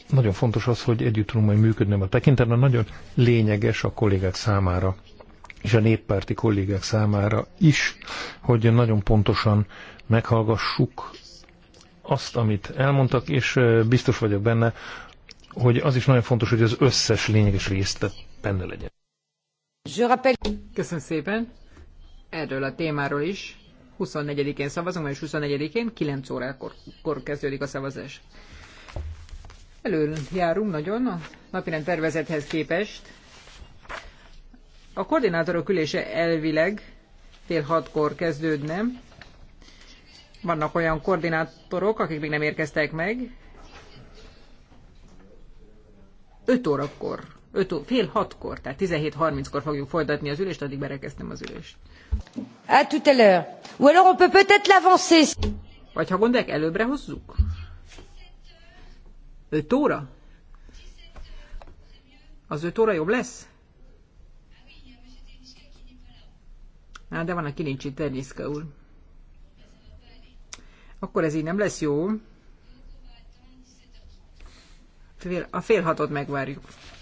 nagyon fontos az, hogy együtt tudunk majd működni, mert tekintetben nagyon lényeges a kollégák számára, és a néppárti kollégák számára is, hogy nagyon pontosan meghallgassuk azt, amit elmondtak, és biztos vagyok benne, hogy az is nagyon fontos, hogy az összes lényeges részt benne legyen. Köszönöm szépen erről a témáról is. 24-én szavazunk, és 24-én 9 órakor kezdődik a szavazás. Előn járunk nagyon a napirend tervezethez képest. A koordinátorok ülése elvileg fél hatkor kezdődne, vannak olyan koordinátorok, akik még nem érkeztek meg. 5 órakor, öt ó, fél hatkor, tehát 17.30-kor fogjuk folytatni az ülést, addig berekeztem az ülést. À tout à l'heure. Ou alors on peut peut-être l'avancer. Vagy ha gondolják, előbbre hozzuk? 5 óra? Az 5 óra jobb lesz? Na, de van, aki nincs itt, Eliszka úr akkor ez így nem lesz jó. A fél hatot megvárjuk.